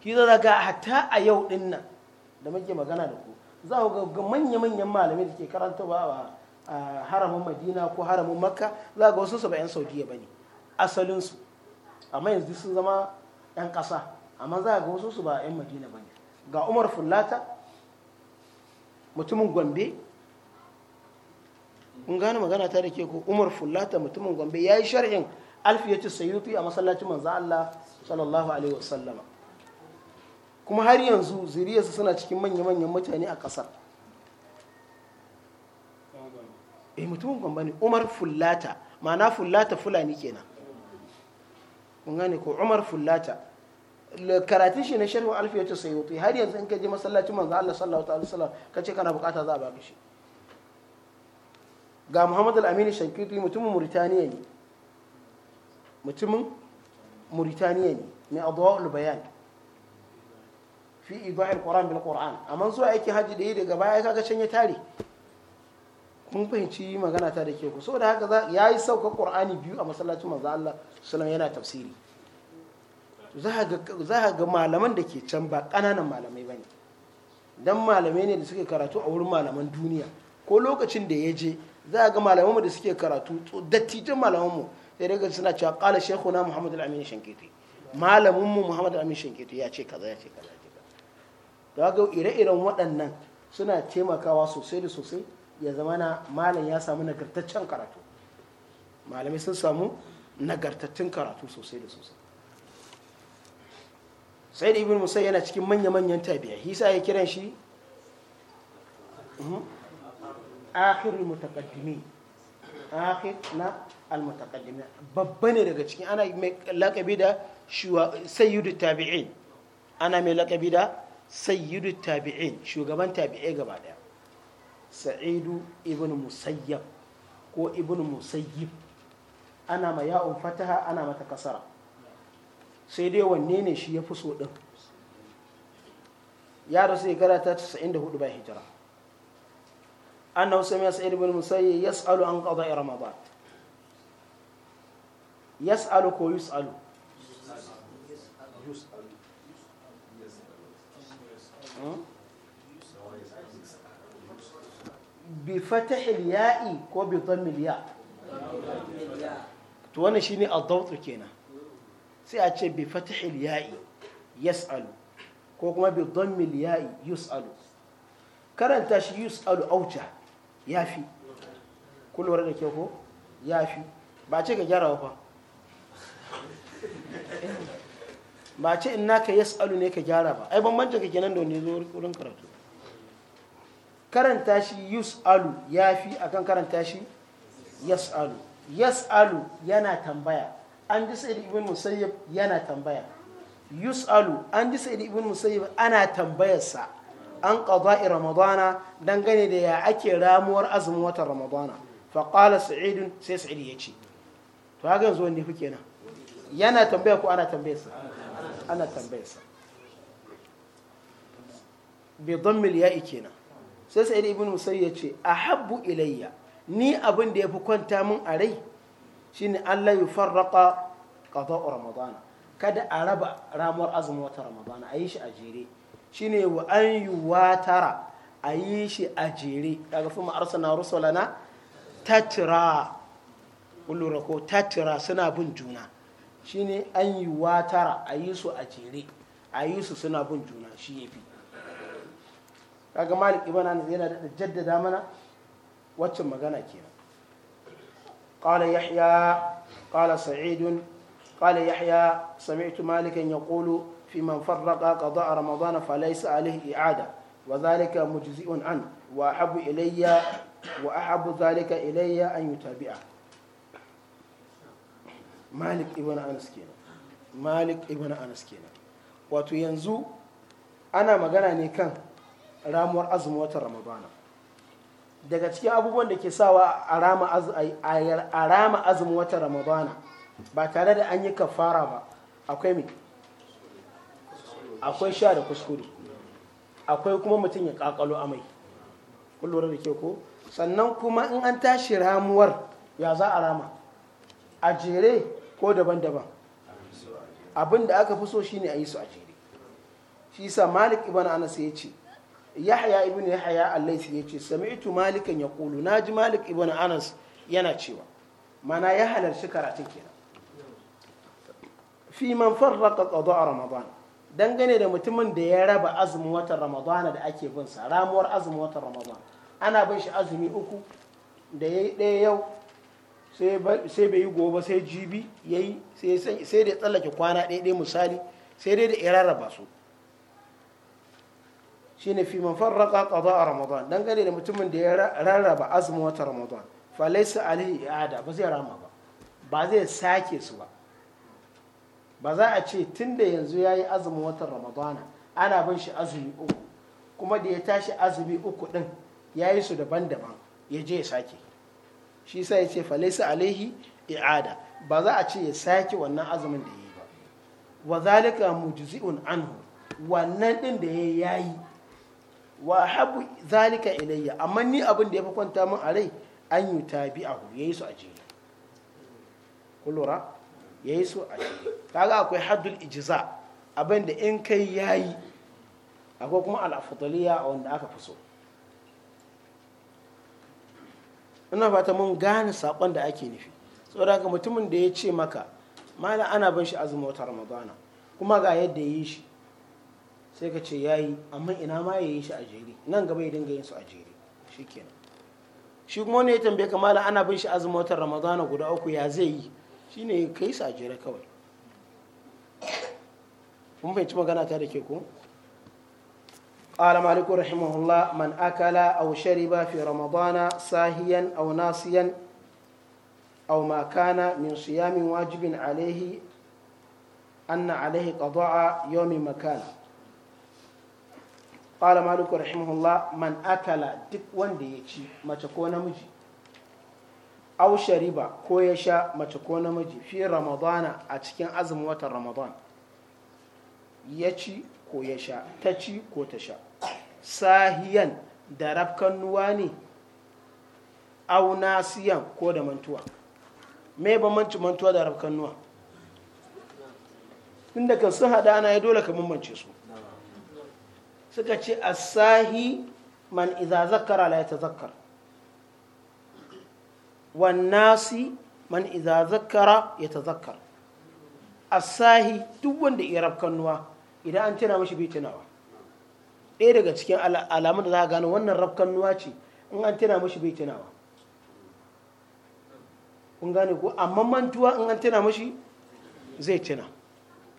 ki za daga hatta a yau din nan da muke magana da ku za ku ga manya-manyan malamai da ke ba a haramin madina ko haramin makka za ga wasu su ba 'yan saudiya ba ne asalinsu amma yanzu sun zama 'yan ƙasa amma za ga wasu su ba 'yan madina ba ne ga umar fulata mutumin gombe kun gane magana ta da ke ko umar fulata mutumin gombe ya yi shari'in alfiyatu sayuti a masallacin manzo Allah sallallahu alaihi wasallama kuma har yanzu zuriyarsa suna cikin manya-manyan mutane a ƙasar eh mutumin gwamba ne umar Fulata, ma'ana Fulata fulani kenan kun gane ko umar Fulata. karatun shi na sharhu sayo sayyuti har yanzu in ka je masallacin manzo Allah sallallahu alaihi wasallam ka ce kana bukata za a baka shi ga Muhammad al-Amin Shankiti mutumin muritaniya ne mutumin muritaniya ne mai adwa bayan fi ida'il qur'an bil qur'an amma zuwa yake haji da yi daga baya kaga can ya tare kun fahimci magana ta da ke ku saboda haka za ya yi sauka qur'ani biyu a masallacin manzo Allah sallallahu yana tafsiri za ka ga malaman da ke can ba ƙananan malamai bane dan malamai ne da suke karatu a wurin malaman duniya ko lokacin da ya je za ga malamanmu da suke karatu dattijan malamanmu sai daga suna cewa ƙala shekuna muhammadu al-amin shankiti malaminmu muhammadu al-amin shankiti ya ce kaza ya ce kaza da ga ire-iren waɗannan suna taimakawa sosai da sosai ya zama na malam ya samu nagartaccen karatu malamai sun samu nagartattun karatu sosai da sosai sai da ibn musa yana cikin manya-manyan tabiya hisa ya kiran shi mhm, akhirul mutaqaddimi akhir na al-mutaqaddimi babba ne daga cikin ana mai lakabi da sayyidu tabi'in ana mai lakabi da sayyidu tabi'in shugaban tabi'ai gaba daya sa'idu ibn musayyab ko ibn musayyib ana ma ya'un fataha ana mata kasara sai dai wanne ne shi ya fi so din ya rasu shekara ta 94 bayan hijira annahu sami'a sa'id ibn musayyib yas'alu an qada'i ramadan yas'alu ko yus'alu bi fatahil ya'i ko bi dhammil ya to wannan shine ad-dawt kenan sai a ce bi fatahil ya'i yas'alu ko kuma bi dhammil ya'i yus'alu karanta shi yus'alu auja yafi kullu da ke ko yafi ba ce ka gyara ba ba ce in naka Alu ne ka gyara ba ai bambancin ka kenan da wani zo wurin karatu karanta shi Alu ya fi akan karanta shi yas'alu Alu yana tambaya an ji sa'id ibn musayyib yana tambaya Alu an ji sa'id ibn musayyib ana tambayarsa an qada'i ramadana dangane da ya ake ramuwar azumin watan ramadana fa qala sa'id sai sa'id ya ce to haka yanzu wanda fi kenan yana tambaya ko ana tambayarsa ana tambayarsa bi don ya'i kenan sai sa'id ibn musayyib ya ce ahabbu ilayya ni abin da ya fi kwanta min a rai shine Allah ya farraqa a ramadana kada a raba ramuwar azumin wata ramadana a yi shi a jere ne wa an a yi shi a jere daga fi ma'arsana rusulana tatira kullura ko suna bin juna shine an yi watara a yi su a jere a yi su suna bin juna shi ya fi kaga malik iban anas yana da jaddada mana waccan magana kenan qala yahya qala sa'id qala yahya sami'tu malikan yaqulu fi man farraqa qada'a ramadan falaysa alihi i'ada wa dhalika mujzi'un an wa ahabu ilayya wa ahabu zalika ilayya an yutabi'a malik ibn anas kenan malik ibn anas kenan wato yanzu ana magana ne kan ramuwar azumin watan ramadana daga cikin abubuwan da ke sawa a rama azumin watan ramadana ba tare da an yi kafara ba akwai mai akwai sha da kuskure akwai kuma mutum ya kakalo amai kullum da ke ko sannan kuma in an tashi ramuwar ya za a rama a jere ko daban-daban abin da aka fi so shine a yi su a jere shi sa malik ibn anas ya ce yahya ibn yahya allaisi ya ce ya malikan na ji malik ibn anas yana cewa mana ya halarci karatun kenan fi man farraqa a ramadan dangane da mutumin da ya raba azumin watan ramadan da ake bin sa ramuwar azumin watan ramadan ana bin shi azumi uku da yayi ɗaya yau sai bai yi gobe sai jibi ya yi sai da tsallake kwana ɗaya misali sai dai da ya ba su shi ne fi raka ƙaza a ramadan gane da mutumin da ya rarraba azumin wata ramadan falaisa alihi i'ada ba zai rama ba ba zai sake su ba ba za a ce tun da yanzu ya yi azumin wata ramadan ana bin shi azumi uku kuma da ya tashi azumi uku ɗin ya yi su daban-daban ya je ya sake shi sa ya ce falaisa alaihi i'ada ba za a ce ya sake wannan azumin da ya yi ba wa zalika mujzi'un anhu wannan din da ya yayi wa habu zalika ilayya amma ni abin da ya fi kwanta min a rai an yi ya yayi su a jere ku lura yayi su a jere kaga akwai haddul ijza abin da in kai yayi akwai kuma al-afdaliya wanda aka fi so ina fata mun gane sakon da ake nufi saboda ga mutumin da ya ce maka mana ana bin shi azumin wata ramadana kuma ga yadda ya yi shi sai ka ce ya yi amma ina ma ya yi shi a jere nan gaba ya dinga yin su a jere shi kenan shi kuma wani ya tambaye ka mala ana bin shi azumin wata ramadana guda uku ya zai yi shine kai su a jere kawai kun fahimci magana ta da ke ko قال مالك رحمه الله من أكل أو شرب في رمضان ساهيا أو ناصيا أو ما كان من صيام واجب عليه أن عليه قضاء يوم مكان قال مالك رحمه الله من أكل دك وندي يشي ما تكون مجي أو شرب كويشا ما تكون مجي في رمضان أتكين أزم وتر رمضان يشي كويشا تشي كوتشا sahiyan da rafkannuwa ne au nasiyan ko da mantuwa me bambanci mantuwa da rafkannuwa inda kan sun hada ana ya dole ka bambance su suka ce a sahi man idza zakara la ta wan nasi man iza zakara A sahi duk wanda ya rafkannuwa idan an tana mashi bai tunawa ɗaya daga cikin alamun da za a gano wannan rafkan nuwa ce in an tana mashi bai tunawa kun gane ko amma mantuwa in an tana mashi zai tuna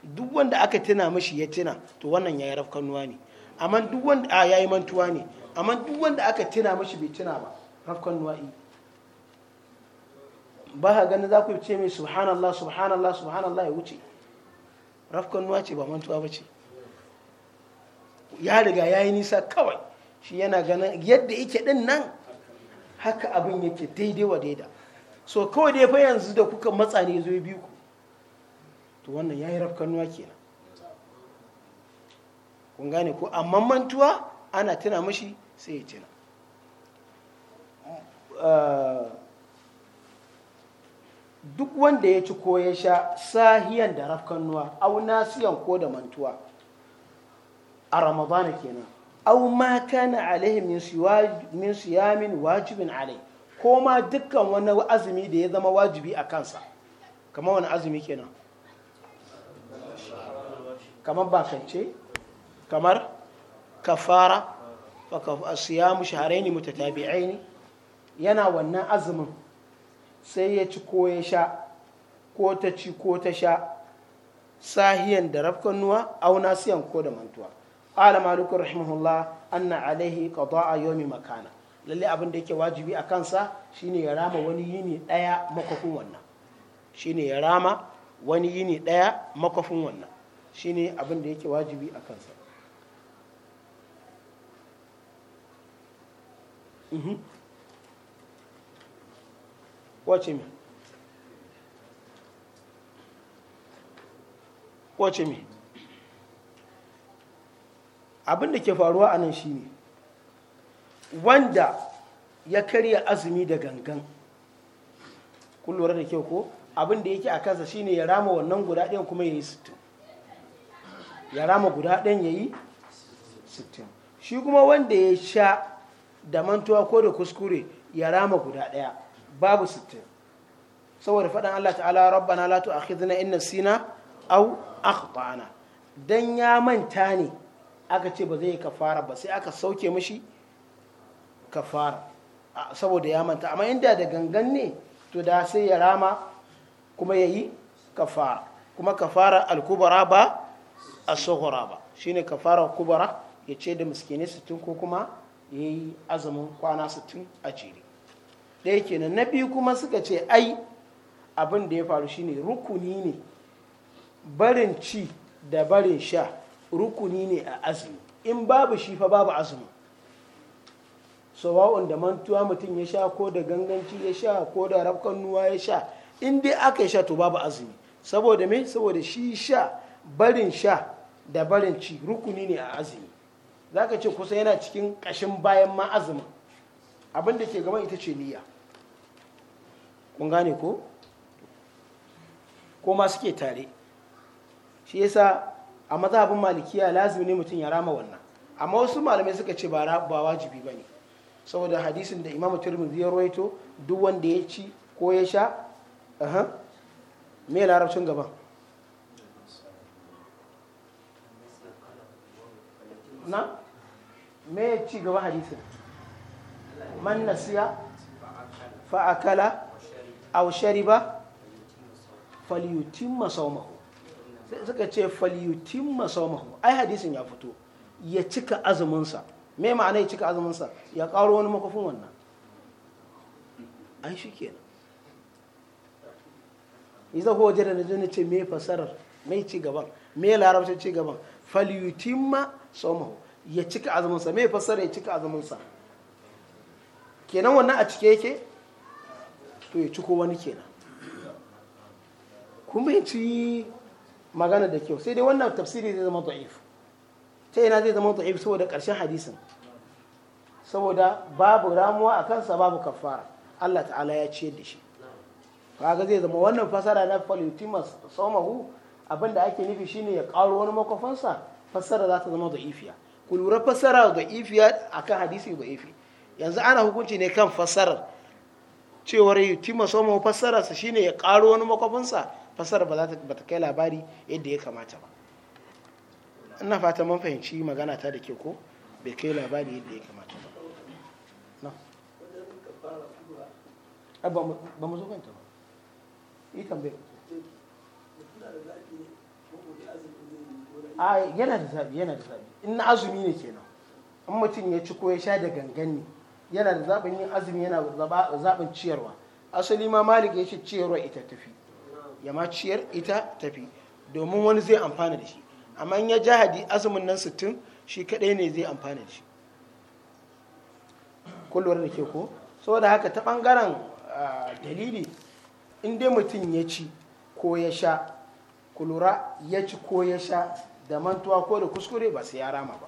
duk wanda aka tana mashi ya tuna to wannan ya yi rafkan nuwa ne amma duk wanda a yayi mantuwa ne amma duk wanda aka tana mashi bai tuna ba rafkan yi ba ha gani za ku ce mai subhanallah subhanallah subhanallah ya wuce rafkan nuwa ce ba mantuwa ba ce ya riga ya yi nisa kawai shi yana ganin yadda yake ɗin nan haka abin yake daidai wa daida so kawai dai fa yanzu da kuka matsa ne zo biyu ku to wannan ya yi rafkanuwa kenan kun gane ko amma mantuwa ana tuna mashi sai ya tuna duk wanda ya ci ko ya sha sahiyan da rafkanuwa au nasiyan ko da mantuwa a ramadana kenan au ma kana alaihi min siyamin wajibin alai ko ma dukkan wani azumi da ya zama wajibi a kansa kamar wani azumi kenan kamar bakance kamar kafara siyamu shaharaini mutatabi'aini yana wannan azumin sai ya ci ko ya sha ko ta ci ko ta sha sahiyan da rafkanuwa auna siyan ko da mantuwa qala malik rahimahullah anna alaihi a yomi makana lalle abin da yake wajibi a kansa shine ya rama wani yini daya makofin wannan shine ya rama wani yini daya makofin wannan shine abin da yake wajibi a kansa wace mi abin da ke faruwa a nan shine wanda ya karya azumi da gangan kun da kyau ko abin da yake a kansa shine ya rama wannan guda ɗayan kuma ya yi sittin ya rama guda ɗayan ya yi sittin shi kuma wanda ya sha da mantuwa ko da kuskure ya rama guda ɗaya babu sittin saboda faɗin Allah ta'ala rabbana latu tu'akhidhna in nasina aw akhtana dan ya manta ne aka ce ba zai yi kafara ba sai aka sauke mashi kafara saboda ya manta amma inda da gangan ne to da sai ya rama kuma ya yi kafara kuma kafara alkubara ba a sohora ba ne kafara kubara ya ce da miskini sittin ko kuma ya yi azumin kwana sittin a jiri da yake nan na biyu kuma suka ce ai abin da ya faru shi ne rukuni ne barin ci da barin sha rukuni ne a azumi in babu shi fa babu azumi sawa'un da mantuwa mutum ya sha ko da ganganci ya sha ko da rafkan nuwa ya sha in dai aka sha to babu azumi saboda me saboda shi sha barin sha da barin ci rukuni ne a azumi za ka ce kusa yana cikin ƙashin bayan ma azumin abin da ke gaban ita ce niyya kun gane ko ko ma suke tare shi yasa a mazhabin malikiya lazimi ne mutum ya rama wannan amma wasu malamai suka ce ba wajibi ba ne saboda hadisin da imamu turmizi ya rawaito duk wanda ya ci ko ya sha me larabcin gaban na me ya ci gaba hadisin man nasiya fa'akala aw shariba falyutimma sawmahu sai suka ce faliyutin masau mahu ai hadisin ya fito ya cika azuminsa mai ma'ana ya cika azuminsa ya ƙaro wani makwafin wannan ai shi ke nan yi ko waje da na jini ce mai fasarar mai ci gaban me larabcin ci gaban masau mahu ya cika azuminsa mai fasarar ya cika azuminsa kenan wannan a cike yake to ya ciko wani kenan kuma ya ci magana da kyau sai dai wannan tafsiri zai zama da'if ta yana zai zama da'if saboda ƙarshen hadisin saboda babu ramuwa a kansa babu kafara Allah ta'ala ya ciyar da shi kaga zai zama wannan fasara na falyutimas saumahu abinda ake nufi shine ya ƙaro wani makofansa fasara za ta zama da'ifiya ku lura fasara da'ifiya akan hadisi da'ifi yanzu ana hukunci ne kan fasarar cewar yutima saumahu fasararsa shine ya ƙaro wani makofansa fasara ba za ta kai labari yadda ya kamata ba ina fata mun fahimci magana ta da ke ko bai kai labari yadda ya kamata ba na ba mu zo kanta ba yi tambayar a yana da zabi yana da zabi in na azumi ne kenan in mutum ya ci ko ya sha da gangan ne yana da zaɓin yin azumi yana da zaɓin ciyarwa asali ma malik ya ce ciyarwa ita tafi ya ma ciyar ita tafi domin wani zai amfana da shi amma ya jahadi azumin nan sittin shi kadai ne zai amfana da shi kullum da ke ko saboda haka ta bangaren dalili inda mutum ya ci ko ya sha kulura ya ci ko ya sha da mantuwa ko da kuskure ba su ya rama ba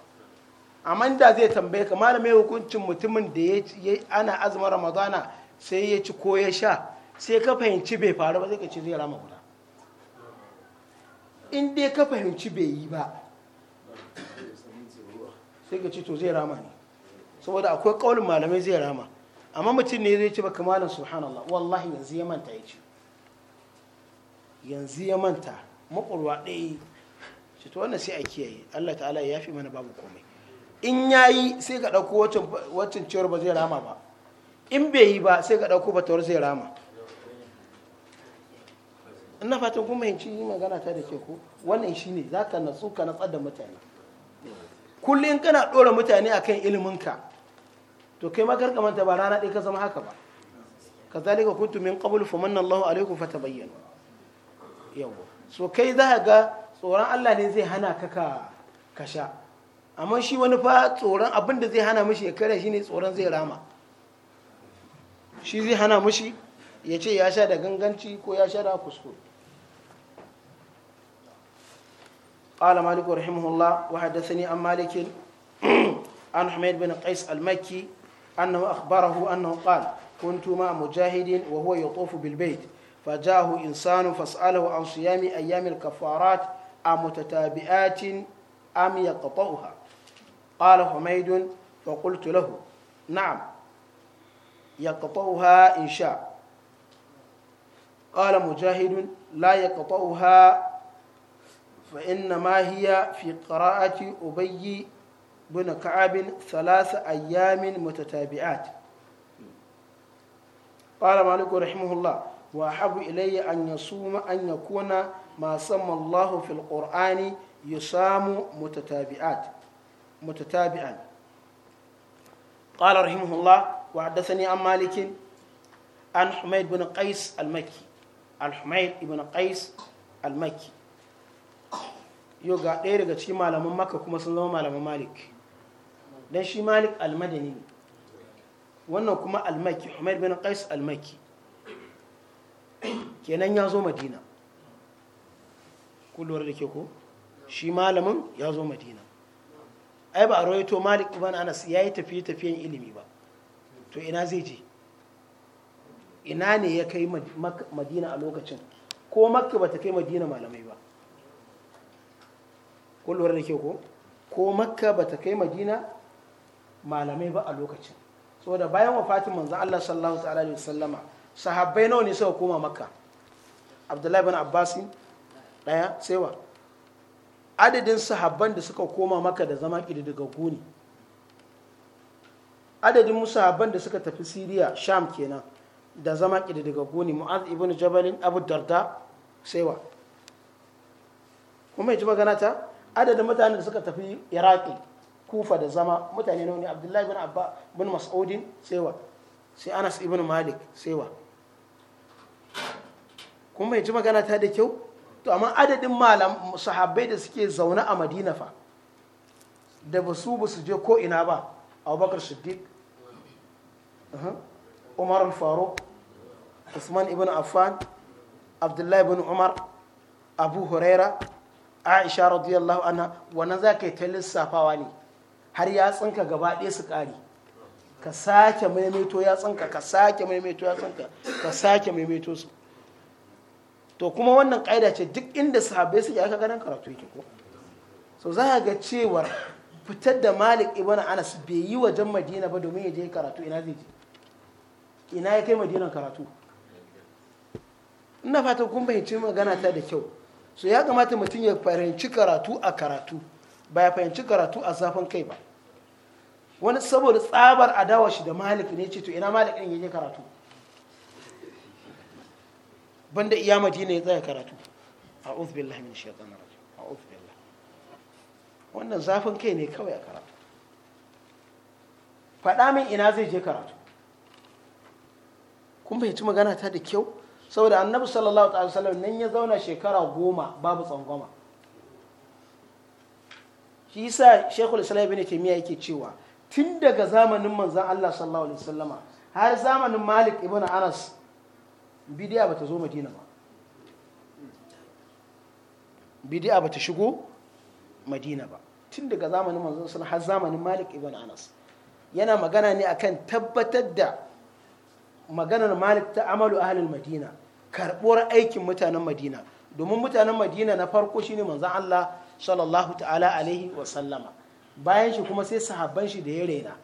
amma da zai tambaye kamar mai hukuncin mutumin da ya ana azumin ramadana sai ya ci ko ya sha sai ka fahimci bai faru ba zai ka ce zai rama guda in dai ka fahimci bai yi ba sai ka ce to zai rama ne saboda akwai ƙaunin malamai zai rama amma mutum ne zai ci baka malam subhanallah wallahi yanzu ya manta ya ce yanzu ya manta makwarwa ɗaya ce to wannan sai a kiyaye Allah ta'ala ya fi mana babu komai in ya yi sai ka ɗauko wacin cewar ba zai rama ba in bai yi ba sai ka ɗauko batawar zai rama ina fatan kuma yanci yi magana ta da ke ku wannan shi ne za ka natsu ka natsar da mutane kullum kana ɗora mutane a kan iliminka to kai ma karka manta ba rana ɗai ka zama haka ba ka ka kuntu min qablu fa manna Allahu alaikum fa ta yawa so kai za ka ga tsoron Allah ne zai hana ka ka amma shi wani fa tsoron abin da zai hana mishi ya kare shi ne tsoron zai rama shi zai hana mishi ya ce ya sha da ganganci ko ya sha da kuskure قال مالك رحمه الله وحدثني عن مالك <clears throat> عن حميد بن قيس المكي أنه أخبره أنه قال كنت مع مجاهد وهو يطوف بالبيت فجاءه إنسان فسأله عن صيام أيام الكفارات أمتتابعات أم يقطعها قال حميد فقلت له نعم يقطعها إن شاء قال مجاهد لا يقطعها فإنما هي في قراءة أبي بن كعب ثلاث أيام متتابعات قال مالك رحمه الله وأحب إلي أن يصوم أن يكون ما سمى الله في القرآن يصام متتابعات متتابعا قال رحمه الله وحدثني عن مالك عن حميد بن قيس المكي عن حميد بن قيس المكي yau ga ɗaya daga cikin malaman maka kuma sun zama malaman malik don shi malik almadani ne wannan kuma almaki umar bin qais almaki kenan ya zo madina ku lura da ke ko shi malamin ya zo madina ai ba a rawaito malik ibn anas ya yi tafiye tafiyen ilimi ba to ina zai je ina ne ya kai madina a lokacin ko makka ba ta kai madina malamai ba kun lura da ke ko ko makka ba ta kai madina malamai ba a lokacin saboda bayan wafatin manzan Allah sallallahu ta'ala alaihi sallama sahabbai nawa ne suka koma makka abdullahi bin abbas daya sai wa adadin sahabban da suka koma makka da zama daga ne adadin musahabban da suka tafi siriya sham kenan da zama daga ne mu'az ibn jabalin abu darda sai wa kuma ya ji magana ta adadin mutanen da suka tafi iraki kufa da zama mutane ne abdullahi bin abba bin mas'udin sewa sai anas ibn malik sewa kun bai ji magana ta da kyau to amma adadin malam sahabbai da suke zaune a madina fa da ba su ba su je ko ina ba abubakar siddiq umar al usman ibn affan abdullahi ibn umar abu huraira aisha radiyallahu anha wannan za ka yi ta lissafawa ne har ya tsinka gaba ɗaya su ƙari ka sake maimaito ya tsinka ka sake maimaito ya tsinka ka sake maimaito su to kuma wannan ƙa'ida ce duk inda sahabbai suke aka ganin karatu yake ko so za ka ga cewar fitar da malik ibn anas bai yi wajen madina ba domin ya je karatu ina zai je ina ya kai madinan karatu ina fatan kun fahimci magana ta da kyau so ya kamata mutum ya fahimci karatu a karatu ba ya fahimci karatu a zafin kai ba wani saboda tsabar adawa shi da malik ne ce to ina malik ɗin yake karatu banda iya madina ya tsaya karatu a uzbillah min shaitan rajim a uzbillah wannan zafin kai ne kawai a karatu faɗa min ina zai je karatu kun fahimci magana ta da kyau saboda annabi sallallahu alaihi wasallam nan ya zauna shekara goma babu tsangwama shi yasa shekul islam ibn taymiya yake cewa tun daga zamanin manzon Allah sallallahu alaihi wasallama har zamanin malik ibn anas bidiya bata zo madina ba bidiya bata shigo madina ba tun daga zamanin manzon sallallahu har zamanin malik ibn anas yana magana ne akan tabbatar da maganar malik ta amalu ahlul madina karɓuwar aikin mutanen madina domin mutanen madina na farko shine manzan allah sallallahu ta'ala alaihi wa sallama bayan shi kuma sai sahabban shi da ya raina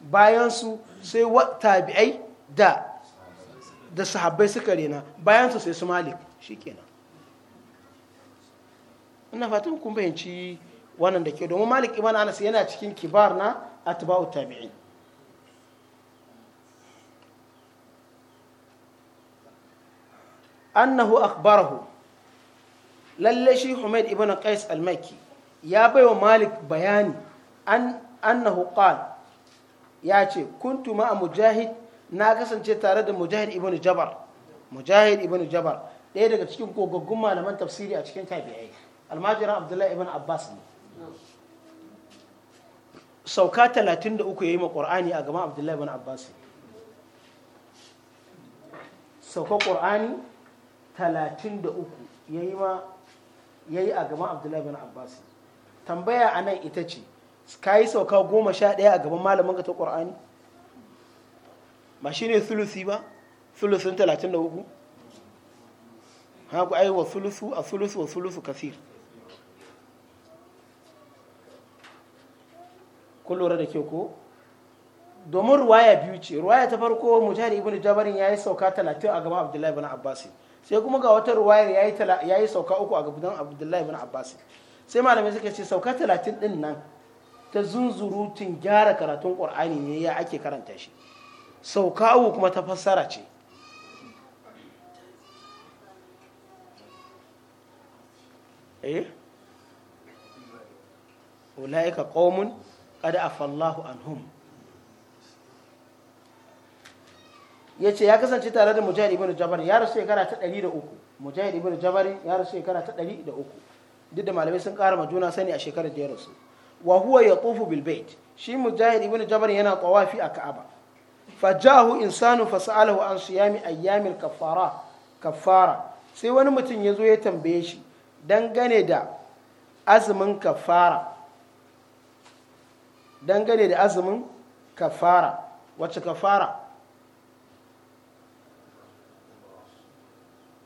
bayan su sai tabi'ai da da sahabbai suka raina bayan su sai su malik shikenan ina fatan kun bayanci wannan da ke domin malik ibn anas yana cikin kibar na atba'u tabi'in annahu akbarahu lalle shi Humaid ibn Qais al-Makki ya baiwa Malik bayani an annahu qal ya ce kuntu ma'a mujahid na kasance tare da mujahid ibn Jabar mujahid ibn Jabar ɗaya daga cikin gogaggun malaman tafsiri a cikin tabi'ai almajiran Abdullahi ibn Abbas ne sauka 33 yayi ma Qur'ani a gaban Abdullahi ibn Abbas sauka Qur'ani talatin da uku ya yi a gaban abdullahi bin abbas tambaya a nan ita ce ka yi sauka goma sha a gaban malamin ka ta ƙwar'ani ba shi ne sulusi ba sulusun talatin da uku haku ai wa sulusu a sulusu wa sulusu kasir kun lura da ke ko domin ruwaya biyu ce ruwaya ta farko mujahid ibn jabarin ya yi sauka talatin a gaban abdullahi bin abbas sai kuma ga wata ruwayar ya yi sauka uku a gabudan abdullahi bin abbas sai malamai suka ce sauka talatin din nan ta zunzurutun gyara karatun ƙur'ani ne ya ake karanta shi sauka uku kuma ta fassara ce eh ulaika qaumun qad afallahu anhum ya ce ya kasance tare da mujahid ibn jabari ya rasu shekara ta 103 mujahid ibn jabari ya rasu shekara ta 103 duk da malamai sun kara juna sani a shekarar da ya rasu wa huwa yatufu bil bait shi mujahid ibn jabari yana tawafi a ka'aba fajahu insanu fasalahu an siyami ayyamil kafara kafara sai wani mutum ya zo ya tambaye shi dangane da azumin kafara dangane da azumin kafara wacce kafara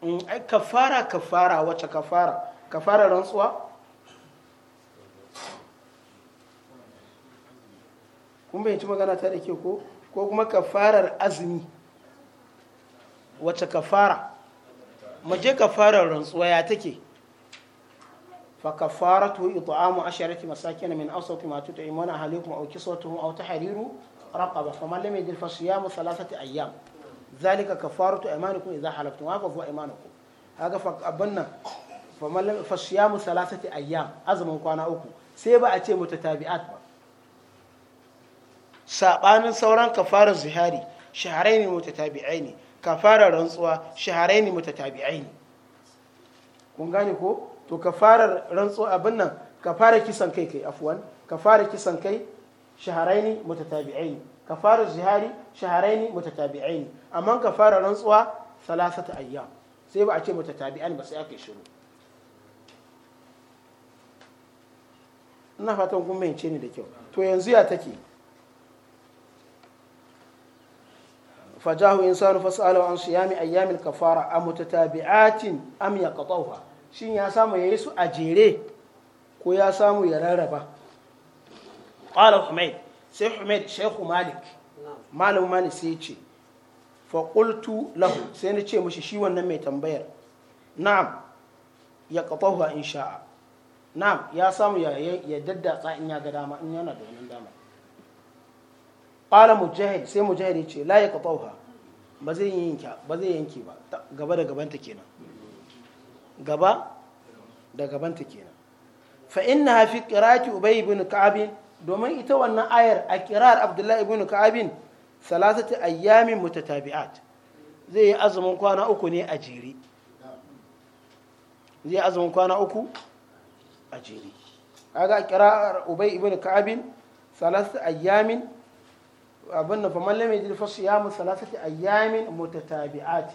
Mm, ai kafara kafara wacce kafara kafara rantsuwa kun bayyanci magana ta da ke ko ko kuma kafarar azumi wacce kafara maje kafarar rantsuwa ya take fa kafaratu it'amu asharati masakin min awsati ma tut'imuna ahlikum aw kiswatuhum aw tahriru raqaba faman lam yajid fa siyamu thalathati ayyam zalika kafaratu imanikum idza halaftum wa kafu aymanukum haka fa abanna famal fa siyamu thalathati ayyam azaman kwana uku sai ba a ce mutatabi'at ba sabanin sauran kafarar zihari shaharai ne mutatabi'ai ne kafarar rantsuwa shaharai ne mutatabi'ai kun gane ko to kafarar rantsuwa abin nan kafarar kisan kai kai afwan kafarar kisan kai shaharai ne mutatabi'ai kafarar zihari shaharaini ne amma kafarar rantsuwa salasata ayyam sai ba a ce mutatabi'an ba sai aka yi shiru ina fatan kun bayyance ni da kyau to yanzu ya take fajahu insanu fas'alu an siyami ayyamil kafara am mutatabi'atin am yaqtawha shin ya samu yi su a jere ko ya samu ya rarraba qala humayd sai Humaid Sheikhu Malik Malam mali sai ya ce fa qultu lahu sai na ce mishi shi wannan mai tambayar na'am ya qatahu in sha'a na'am ya samu ya ya daddatsa in ya ga dama in yana da wannan dama qala mujahid sai mujahid ya ce la ya qatahu ba zai yanke ba zai yanke ba gaba da gabanta kenan gaba da gabanta kenan fa inna fi qira'ati ubay ibn ka'ab domin ita wannan ayar a kirar abdullahi ibn ka'abin salatati ayyamin mutatabi'at zai yi azumin kwana uku ne a jere zai azumin kwana uku a jere kaga kirar ubay ibn ka'abin salatati ayyamin abin nan faman lam yajid fa yamu salatati ayyamin mutatabi'at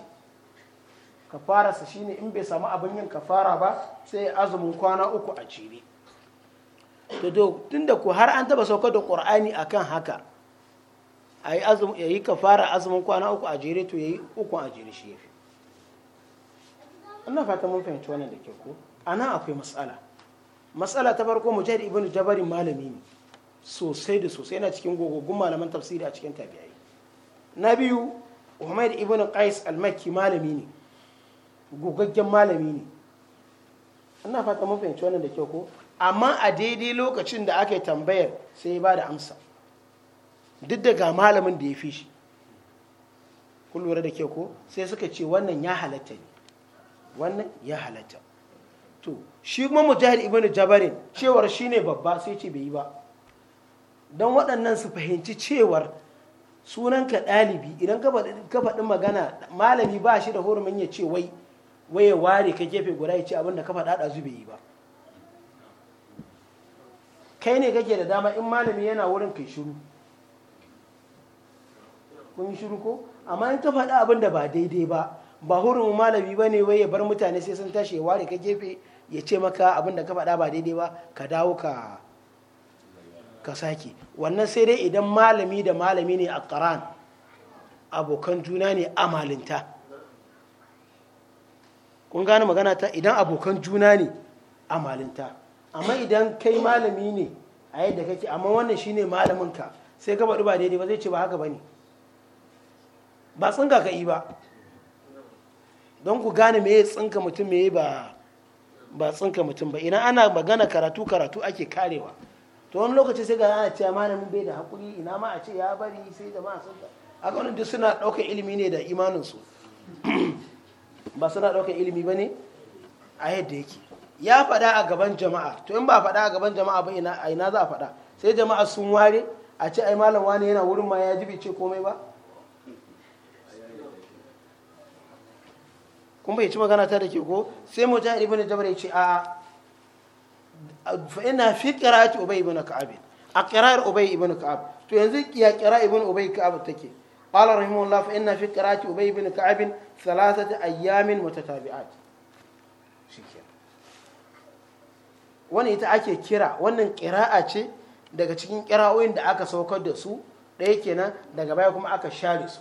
sa shine in bai samu abin yin kafara ba sai azumin kwana uku a jere to tunda ku har an taba saukar da qur'ani akan haka ayi azumi yayi kafara azumin kwana uku a jere to yayi uku a jere shi yafi ina fata mun fahimci wannan da ke ku ana akwai matsala matsala ta farko mujahid ibn jabari malami ne sosai da sosai yana cikin gogogun malaman tafsiri a cikin tabi'ai na biyu Muhammad ibn Qais al-Makki malami ne gogaggen malami ne ina fata mun fahimci wannan da ke ko amma a daidai lokacin da aka yi tambayar sai ya ba da amsa duk daga malamin da ya fi shi da ke ko sai suka ce wannan ya halatta ne wannan ya halatta to shi kuma mujahid ibn jabarin cewar shi ne babba sai ce bai yi ba don waɗannan su fahimci cewar sunanka ɗalibi idan ka faɗi magana malami ba shi da hurumin ya ce wai wai ya ware ka gefe guda ya ce abinda ka faɗa ɗazu bai yi ba kai ne kake da dama in malami yana wurin kai shiru kun yi shiru ko amma in ka faɗi abin da ba daidai ba ba hurin malami ba ne wai ya bar mutane sai sun tashi ya ware ka gefe ya ce maka abin da ka faɗa ba daidai ba ka dawo ka ka sake wannan sai dai idan malami da malami ne a ƙaran abokan juna ne a malinta kun gane magana ta idan abokan juna ne a malinta amma idan kai malami ne a yadda kake amma wannan shine ne malaminka sai ka baɗu ba daidai ba zai ce ba haka ba ne ba tsinka ka yi ba don ku gane me ya tsinka mutum me ba ba tsinka mutum ba idan ana magana karatu karatu ake karewa to wani lokaci sai ga ana cewa malamin bai da haƙuri ina ma a ce ya bari sai a tsinka haka wani duk suna ɗaukar ilimi ne da imaninsu <clears throat> ba suna ɗaukar ilimi ba ne a yadda yake ya faɗa a gaban jama'a to in ba faɗa a gaban jama'a ba ina ina za a faɗa sai jama'a sun ware a ce ai malam wani yana wurin ma ya ji bai ce komai ba kun bai ci magana ta da ke ko sai ta ibnu jabr ya ce a fa ina fi qira'ati ubay ibn ka'ab a qira'ar ubay ibn ka'ab to yanzu ya qira'a ibn ubay ka'ab take qala rahimahullah fa ina fi qira'ati ubay ibn ka'ab thalathati ayyamin mutatabi'at shikenan wani ita ake kira wannan ƙira'a ce daga cikin ƙira'o'in da aka saukar da su ɗaya kenan daga baya kuma aka share su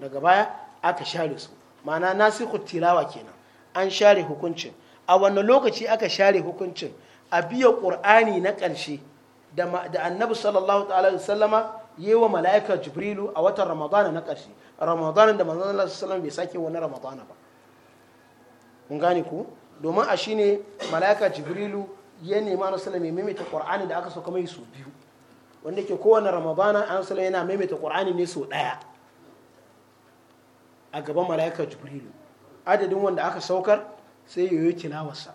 daga baya aka share su ma'ana nasiru tilawa kenan an share hukuncin a wannan lokaci aka share hukuncin a biya ƙur'ani na ƙarshe da annabi sallallahu ta'ala da sallama yi wa mala'ika jibrilu a watan ramadana na ƙarshe ramadana da manzon sallallahu bai sake wani ramadana ba mun gane ku domin a shine Malaka jibrilu ya nemi annabi sallallahu maimaita qur'ani da aka sauka mai su biyu wanda ke kowane ramadana an sallallahu yana maimaita qur'ani ne sau ɗaya. a gaban mala'ika jibrilu adadin wanda aka saukar sai yi tilawarsa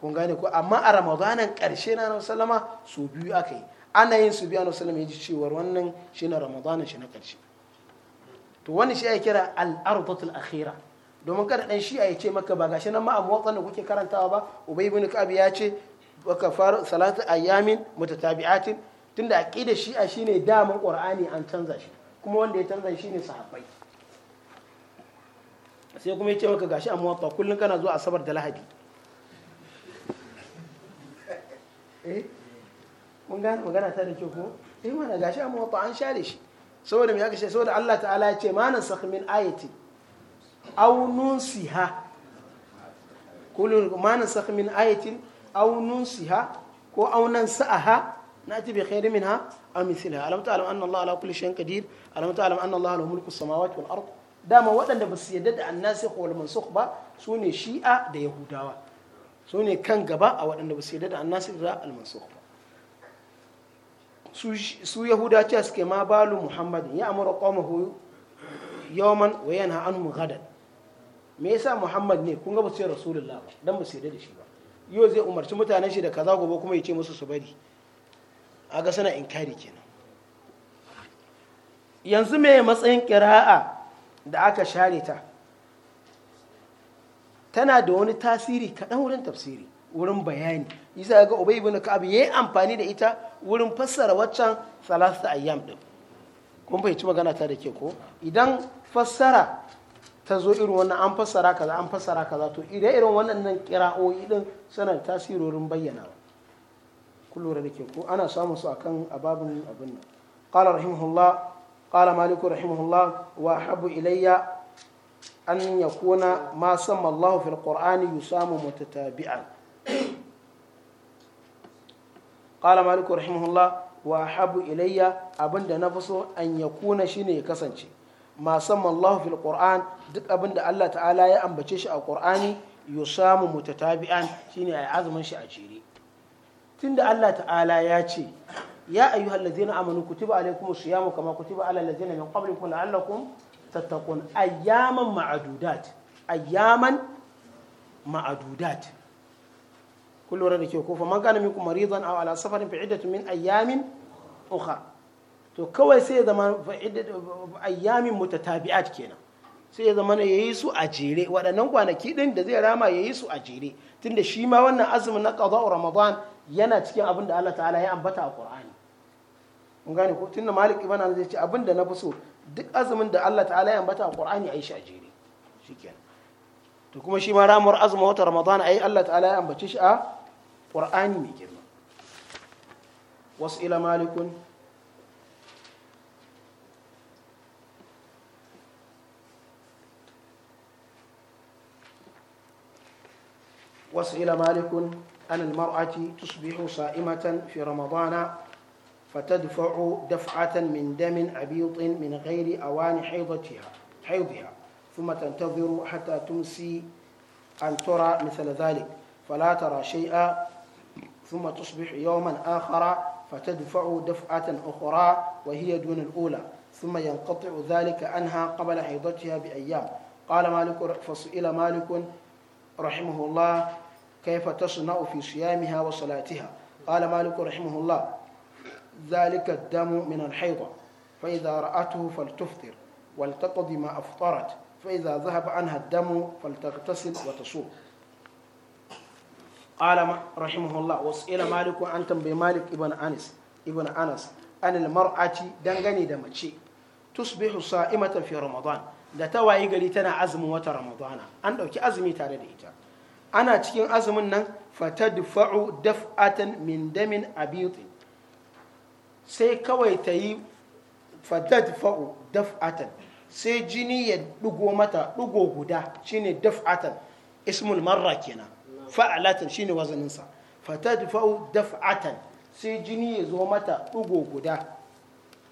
kun gane ko amma a ramadanan ƙarshe na annabi su biyu aka yi ana yin su biyu a ya ji cewar wannan na ramadanan shi na ƙarshe. to wani shi ya kira al-ardatul domin kada dan shi'a ya ce maka ba gashi nan ma a motsan da kuke karantawa ba ubay ibn ka'ab ya ce wa faru salatu ayyamin mutatabi'atin tunda aqidar shi'a shine daman qur'ani an canza shi kuma wanda ya canza shi ne sahabbai sai kuma ya ce maka gashi a muwatta kullum kana zuwa asabar da lahadi <laughs> eh mun gane magana ta da kyau ko eh mana gashi a muwatta an share shi saboda me aka ce saboda Allah ta'ala ya ce manan sakhmin min aw nunsiha kullu ma nasakh min ayatin aw siha ko aw nansaha ناتي بخير منها او مثلها الم تعلم ان الله على كل شيء قدير الم تعلم ان الله له ملك السماوات والارض dama waɗanda ba yadda da annasikh wal mansukh ba su ne shi'a da yahudawa su ne kan gaba a waɗanda ba su yadda da annasikh da al mansukh ba su yahudawa suke ma balu muhammadin ya amara qawmahu yawman wa yanha anhum ghadan me yasa muhammad ne kun ga ba su yi rasulullah ba dan ba su yarda da shi ba yau zai umarci mutanen shi da kaza gobe kuma ya ce musu su bari a ga sana inkari kenan yanzu me matsayin kira'a da aka share ta tana da wani tasiri kaɗan wurin tafsiri wurin bayani isa ga ubay ibn ka'ab yayi amfani da ita wurin fassara waccan salasa ayyam din kun bai ci magana ta da ke ko idan fassara ta zo irin wannan an fassara kaza an fassara kaza to ire irin waɗannan kira'o'i din suna tasirorin bayyana kullum da ke ko ana samun su akan ababin abin nan qala rahimahullah qala malik rahimahullah wa habu ilayya an yakuna ma sama Allah fil qur'ani yusamu mutatabi'an qala malik rahimahullah wa habu ilayya abinda na fi so an yakuna shine ya kasance Masamman sammallahu fil qur'an duk abin da Allah ta'ala ya ambace shi a qur'ani yusamu mutatabi'an shine ay azumin shi a jere tunda Allah ta'ala ya ce ya ayyuhal ladzina amanu kutiba alaykumus siyamu kama kutiba alal ladzina min qablikum la'allakum tattaqun ayyaman ma'adudat ayyaman ma'adudat kun da ke ko fa man kana minkum maridan aw ala safarin fi min ayyamin ukhra to kawai sai ya zama ayyamin mutatabi'at kenan sai ya zama ya yi su a jere waɗannan kwanaki ɗin da zai rama ya yi su a jere tunda shi ma wannan azumin na qada'u ramadan yana cikin abin da Allah ta'ala ya ambata a Qur'ani mun gane ko tunda Malik ibn Anas zai ce abin da na fi so duk azumin da Allah ta'ala ya ambata a Qur'ani ayi shi a jere shikenan to kuma shi ma ramar azumin wata ramadan ayi Allah ta'ala ya ambace shi a Qur'ani mai girma wasu ila malikun وسئل مالك عن المرأة تصبح صائمة في رمضان فتدفع دفعة من دم عبيط من غير أوان حيضتها حيضها ثم تنتظر حتى تمسي أن ترى مثل ذلك فلا ترى شيئا ثم تصبح يوما آخر فتدفع دفعة أخرى وهي دون الأولى ثم ينقطع ذلك عنها قبل حيضتها بأيام قال مالك فسئل مالك رحمه الله كيف تصنع في صيامها وصلاتها قال مالك رحمه الله ذلك الدم من الحيضة فإذا رأته فلتفطر ولتقضي ما أفطرت فإذا ذهب عنها الدم فلتغتسل وتصوم قال رحمه الله وسئل مالك عن تنبي مالك ابن أنس ابن أنس عن المرأة دنغني دمتشي تصبح صائمة في رمضان da ta wayi gari tana azumin wata ramadana an ɗauki azumi tare da ita ana cikin azumin nan dufa'u daf'atan min damin abiti sai kawai ta yi dufa'u daf'atan sai jini ya dugo mata dugo guda shine daf'atan ismul marra kenan fa'alatan shine wazaninsa dufa'u daf'atan sai jini ya zo mata dugo guda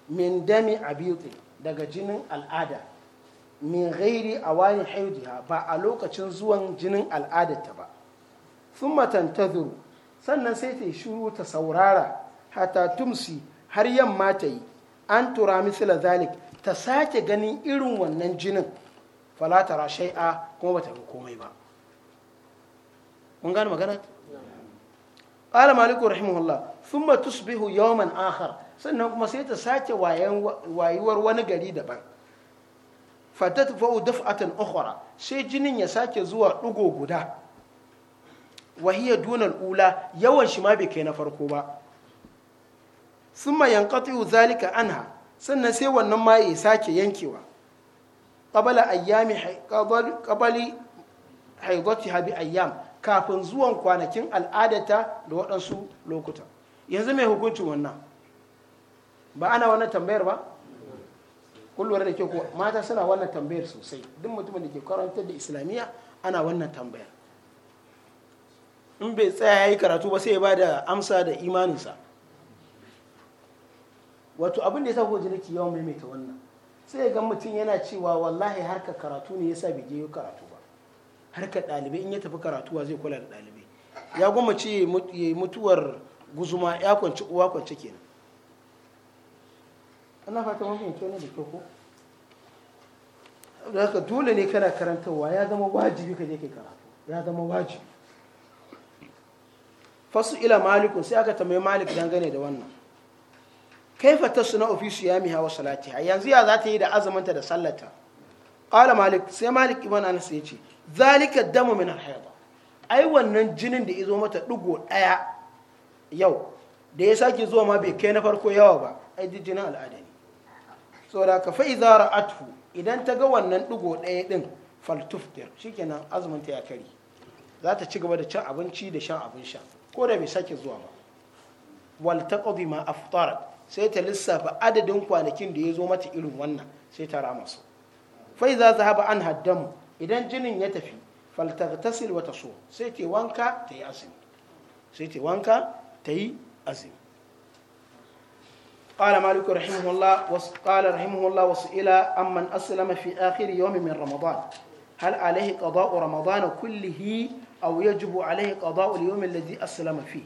min dami abiti daga jinin al'ada min ghairi awani haidiha ba a lokacin zuwan jinin al'adarta ba sun matantazuru sannan sai ta yi shuru ta saurara hata tumsi har yamma ta yi an tura misila zalik ta sake ganin irin wannan jinin falatara shai'a kuma bata ga komai ba kun gane magana maliku rahimahullah akhar sannan kuma sai ta sake wayewar wani gari daban fatat fa'u daf'atan ukhra sai jinin ya sake zuwa ɗugo guda wahiyar dunal ula yawan shi ma bai kai na farko ba summa yanqati'u zalika anha sannan sai wannan ma ya sake yankewa qabala ayyami qabali haidatiha bi ayyam kafin zuwan kwanakin al'adata da waɗansu lokuta yanzu mai hukuncin wannan ba ana wannan tambayar ba kun lura da ke ko mata suna wannan tambayar sosai duk mutumin da ke karantar da islamiyya ana wannan tambayar in bai tsaya ya yi karatu ba sai ya ba da amsa da imaninsa wato abin da ya sa goji nake yawan maimaita wannan sai ga mutum yana cewa wallahi harka karatu ne ya sa bai je karatu ba harka ɗalibai in ya tafi karatuwa zai kula da ɗalibai ya gwamnati ce mutuwar guzuma ya kwanci uwa kwanci kenan ana fata mun fahimci ne da kyau ko da haka dole ne kana karantarwa ya zama wajibi ka je ke karatu ya zama wajibi fasu ila malikun sai aka tambayi malik dangane da wannan kaifa ya miha wasu lati a yanzu ya za ta yi da azumanta da sallata qala malik sai malik iman anas ya ce zalika damu min alhaida ai wannan jinin da izo mata digo daya yau da ya sake zuwa ma bai kai na farko yawa ba ai jinin al'ada saboda ka fa idza atu idan ta ga wannan digo ɗaya ɗin faltuftir shikenan azumin ta ya kari za ta ci gaba da cin abinci da shan abin sha ko da bai sake zuwa ba wal ta taqdi ma aftarat sai ta lissafa adadin kwanakin da ya zo mata irin wannan sai ta rama su za idza zahaba an haddamu idan jinin ya tafi faltaghtasil wa so sai ta yi wanka ta yi azumi قال مالك رحمه الله قال رحمه الله وسئل أمن أسلم في آخر يوم من رمضان هل عليه قضاء رمضان كله أو يجب عليه قضاء اليوم الذي أسلم فيه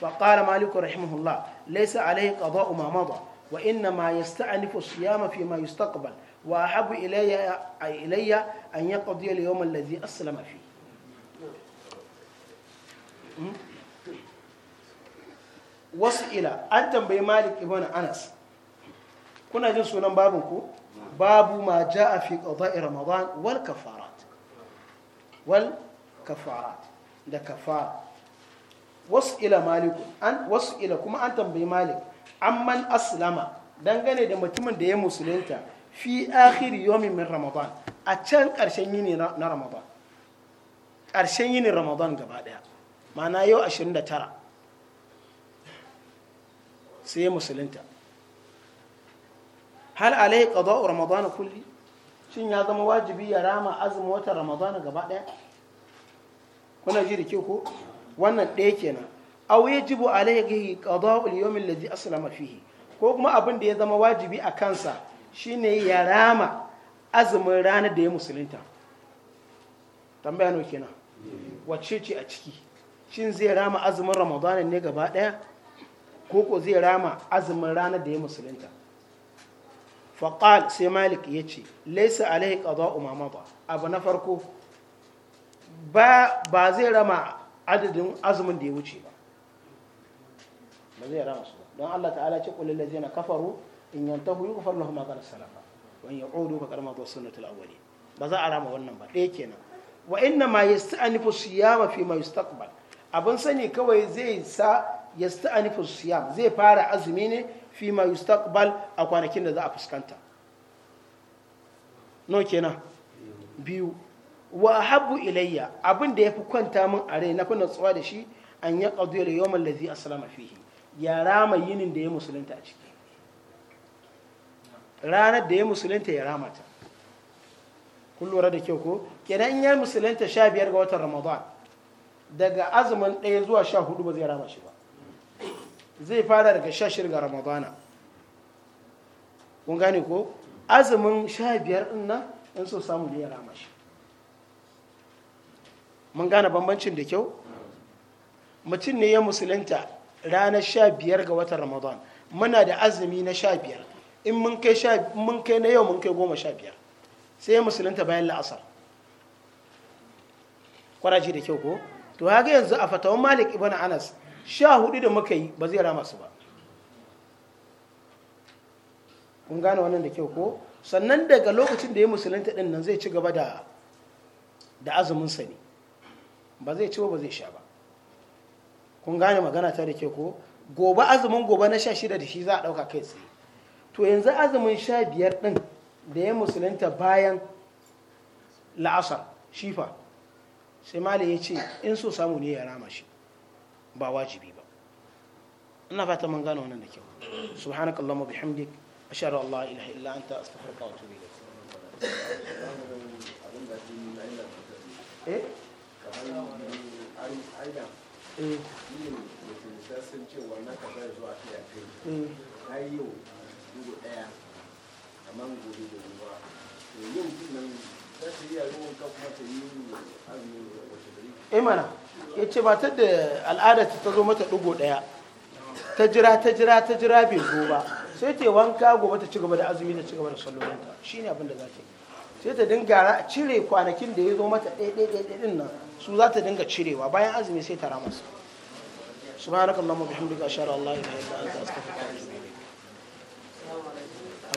فقال مالك رحمه الله ليس عليه قضاء ما مضى وإنما يستأنف الصيام فيما يستقبل وأحب إلي, إلي أن يقضي اليوم الذي أسلم فيه wasu ila an tambayi malik ibn anas kuna jin sunan babin ku babu ma ja'a fi qada'i ramadan wal kafarat wal kafarat da kafara wasu ila malik an wasu ila kuma an tambayi malik amman aslama dangane da mutumin da ya musulunta fi akhir yawmin min ramadan a can karshen yini na ramadan karshen yini ramadan gaba daya ma'ana yau 29 sai ya musulunta hal alai qada ramadana kulli shin ya zama wajibi ya rama azumin watan ramadana gaba daya kuna ji da ke ko wannan daya kenan aw yajibu alayhi qada al-yawm alladhi aslama fihi ko kuma abin da ya zama wajibi a kansa shine ya rama azumin ranar da ya musulunta tambaya no kenan wacce ce a ciki shin zai rama azumin ramadana ne gaba daya Koko zai rama azumin ranar da ya musulunta faƙal sai malik ya ce laisa alaihi ƙazo ba. abu na farko ba zai rama adadin azumin da ya wuce ba ba zai rama su don allah ta'ala ce ƙulil lazina kafaru in yantahu yughfar lahum ma qad salafa wa in ya'udu fa qad madha sunnatul awwali ba za a rama wannan ba ɗaya kenan wa inna ma yasta'nifu siyama fi ma yustaqbal abin sani kawai zai sa yasta'anifu siyam zai fara azumi ne fi ma yustaqbal a kwanakin da za a fuskanta no kenan biyu wa habu ilayya abin da yafi kwanta min a rai na fi tsowa da shi an ya qadu ila yawm allazi aslama fihi ya rama yinin da ya musulunta a ciki ranar da ya musulunta ya rama ta kun lura da kyau ko kenan in ya musulunta sha biyar ga watan ramadan daga azumin 1 zuwa sha hudu ba zai rama shi ba zai fara daga sha shirga ramadana kun gane ko azumin sha biyar ɗin nan in so samu ne ya rama shi mun gane bambancin da kyau mutum ne ya musulunta ranar sha biyar ga watan ramadan muna da azumi na sha biyar in mun kai na yau mun kai goma sha biyar sai ya musulunta bayan la'asar kwaraji da kyau ko to haka yanzu a fatawan malik ibn anas sha hudu da muka yi ba zai rama su ba kun gane wannan da kyau ko sannan daga lokacin da ya musulunta din nan zai ci gaba da da azuminsa ne ba zai ci ba zai sha ba kun gane magana ta da kyau ko gobe azumin gobe na sha shida da shi za a ɗauka kai tsaye to yanzu azumin sha biyar din da ya musulunta bayan la'asar shifa sai mali ya ce in so samu ne ya rama shi ba wajibi ba ina fata mun gano wannan da kyau subhanakallahumma bihamdik ashhadu an la ilaha illa anta astaghfiruka wa atubu ilayk eh yau nan za ta yi a ruwan kuma ta yi imana eh, ya ce matar da al'adarta ta zo mata ɗigo ɗaya ta jira ta jira ta jira bai zo ba sai ta yi wanka gobe ta ci gaba da azumi da ci gaba da sallolinta ne abin da za ta yi sai ta dinga cire kwanakin da ya zo mata ɗaya nan su za ta dinga cirewa bayan azumi sai ta rama su subhanakallahumma bihamdika ashhadu ilaha illa anta astaghfiruka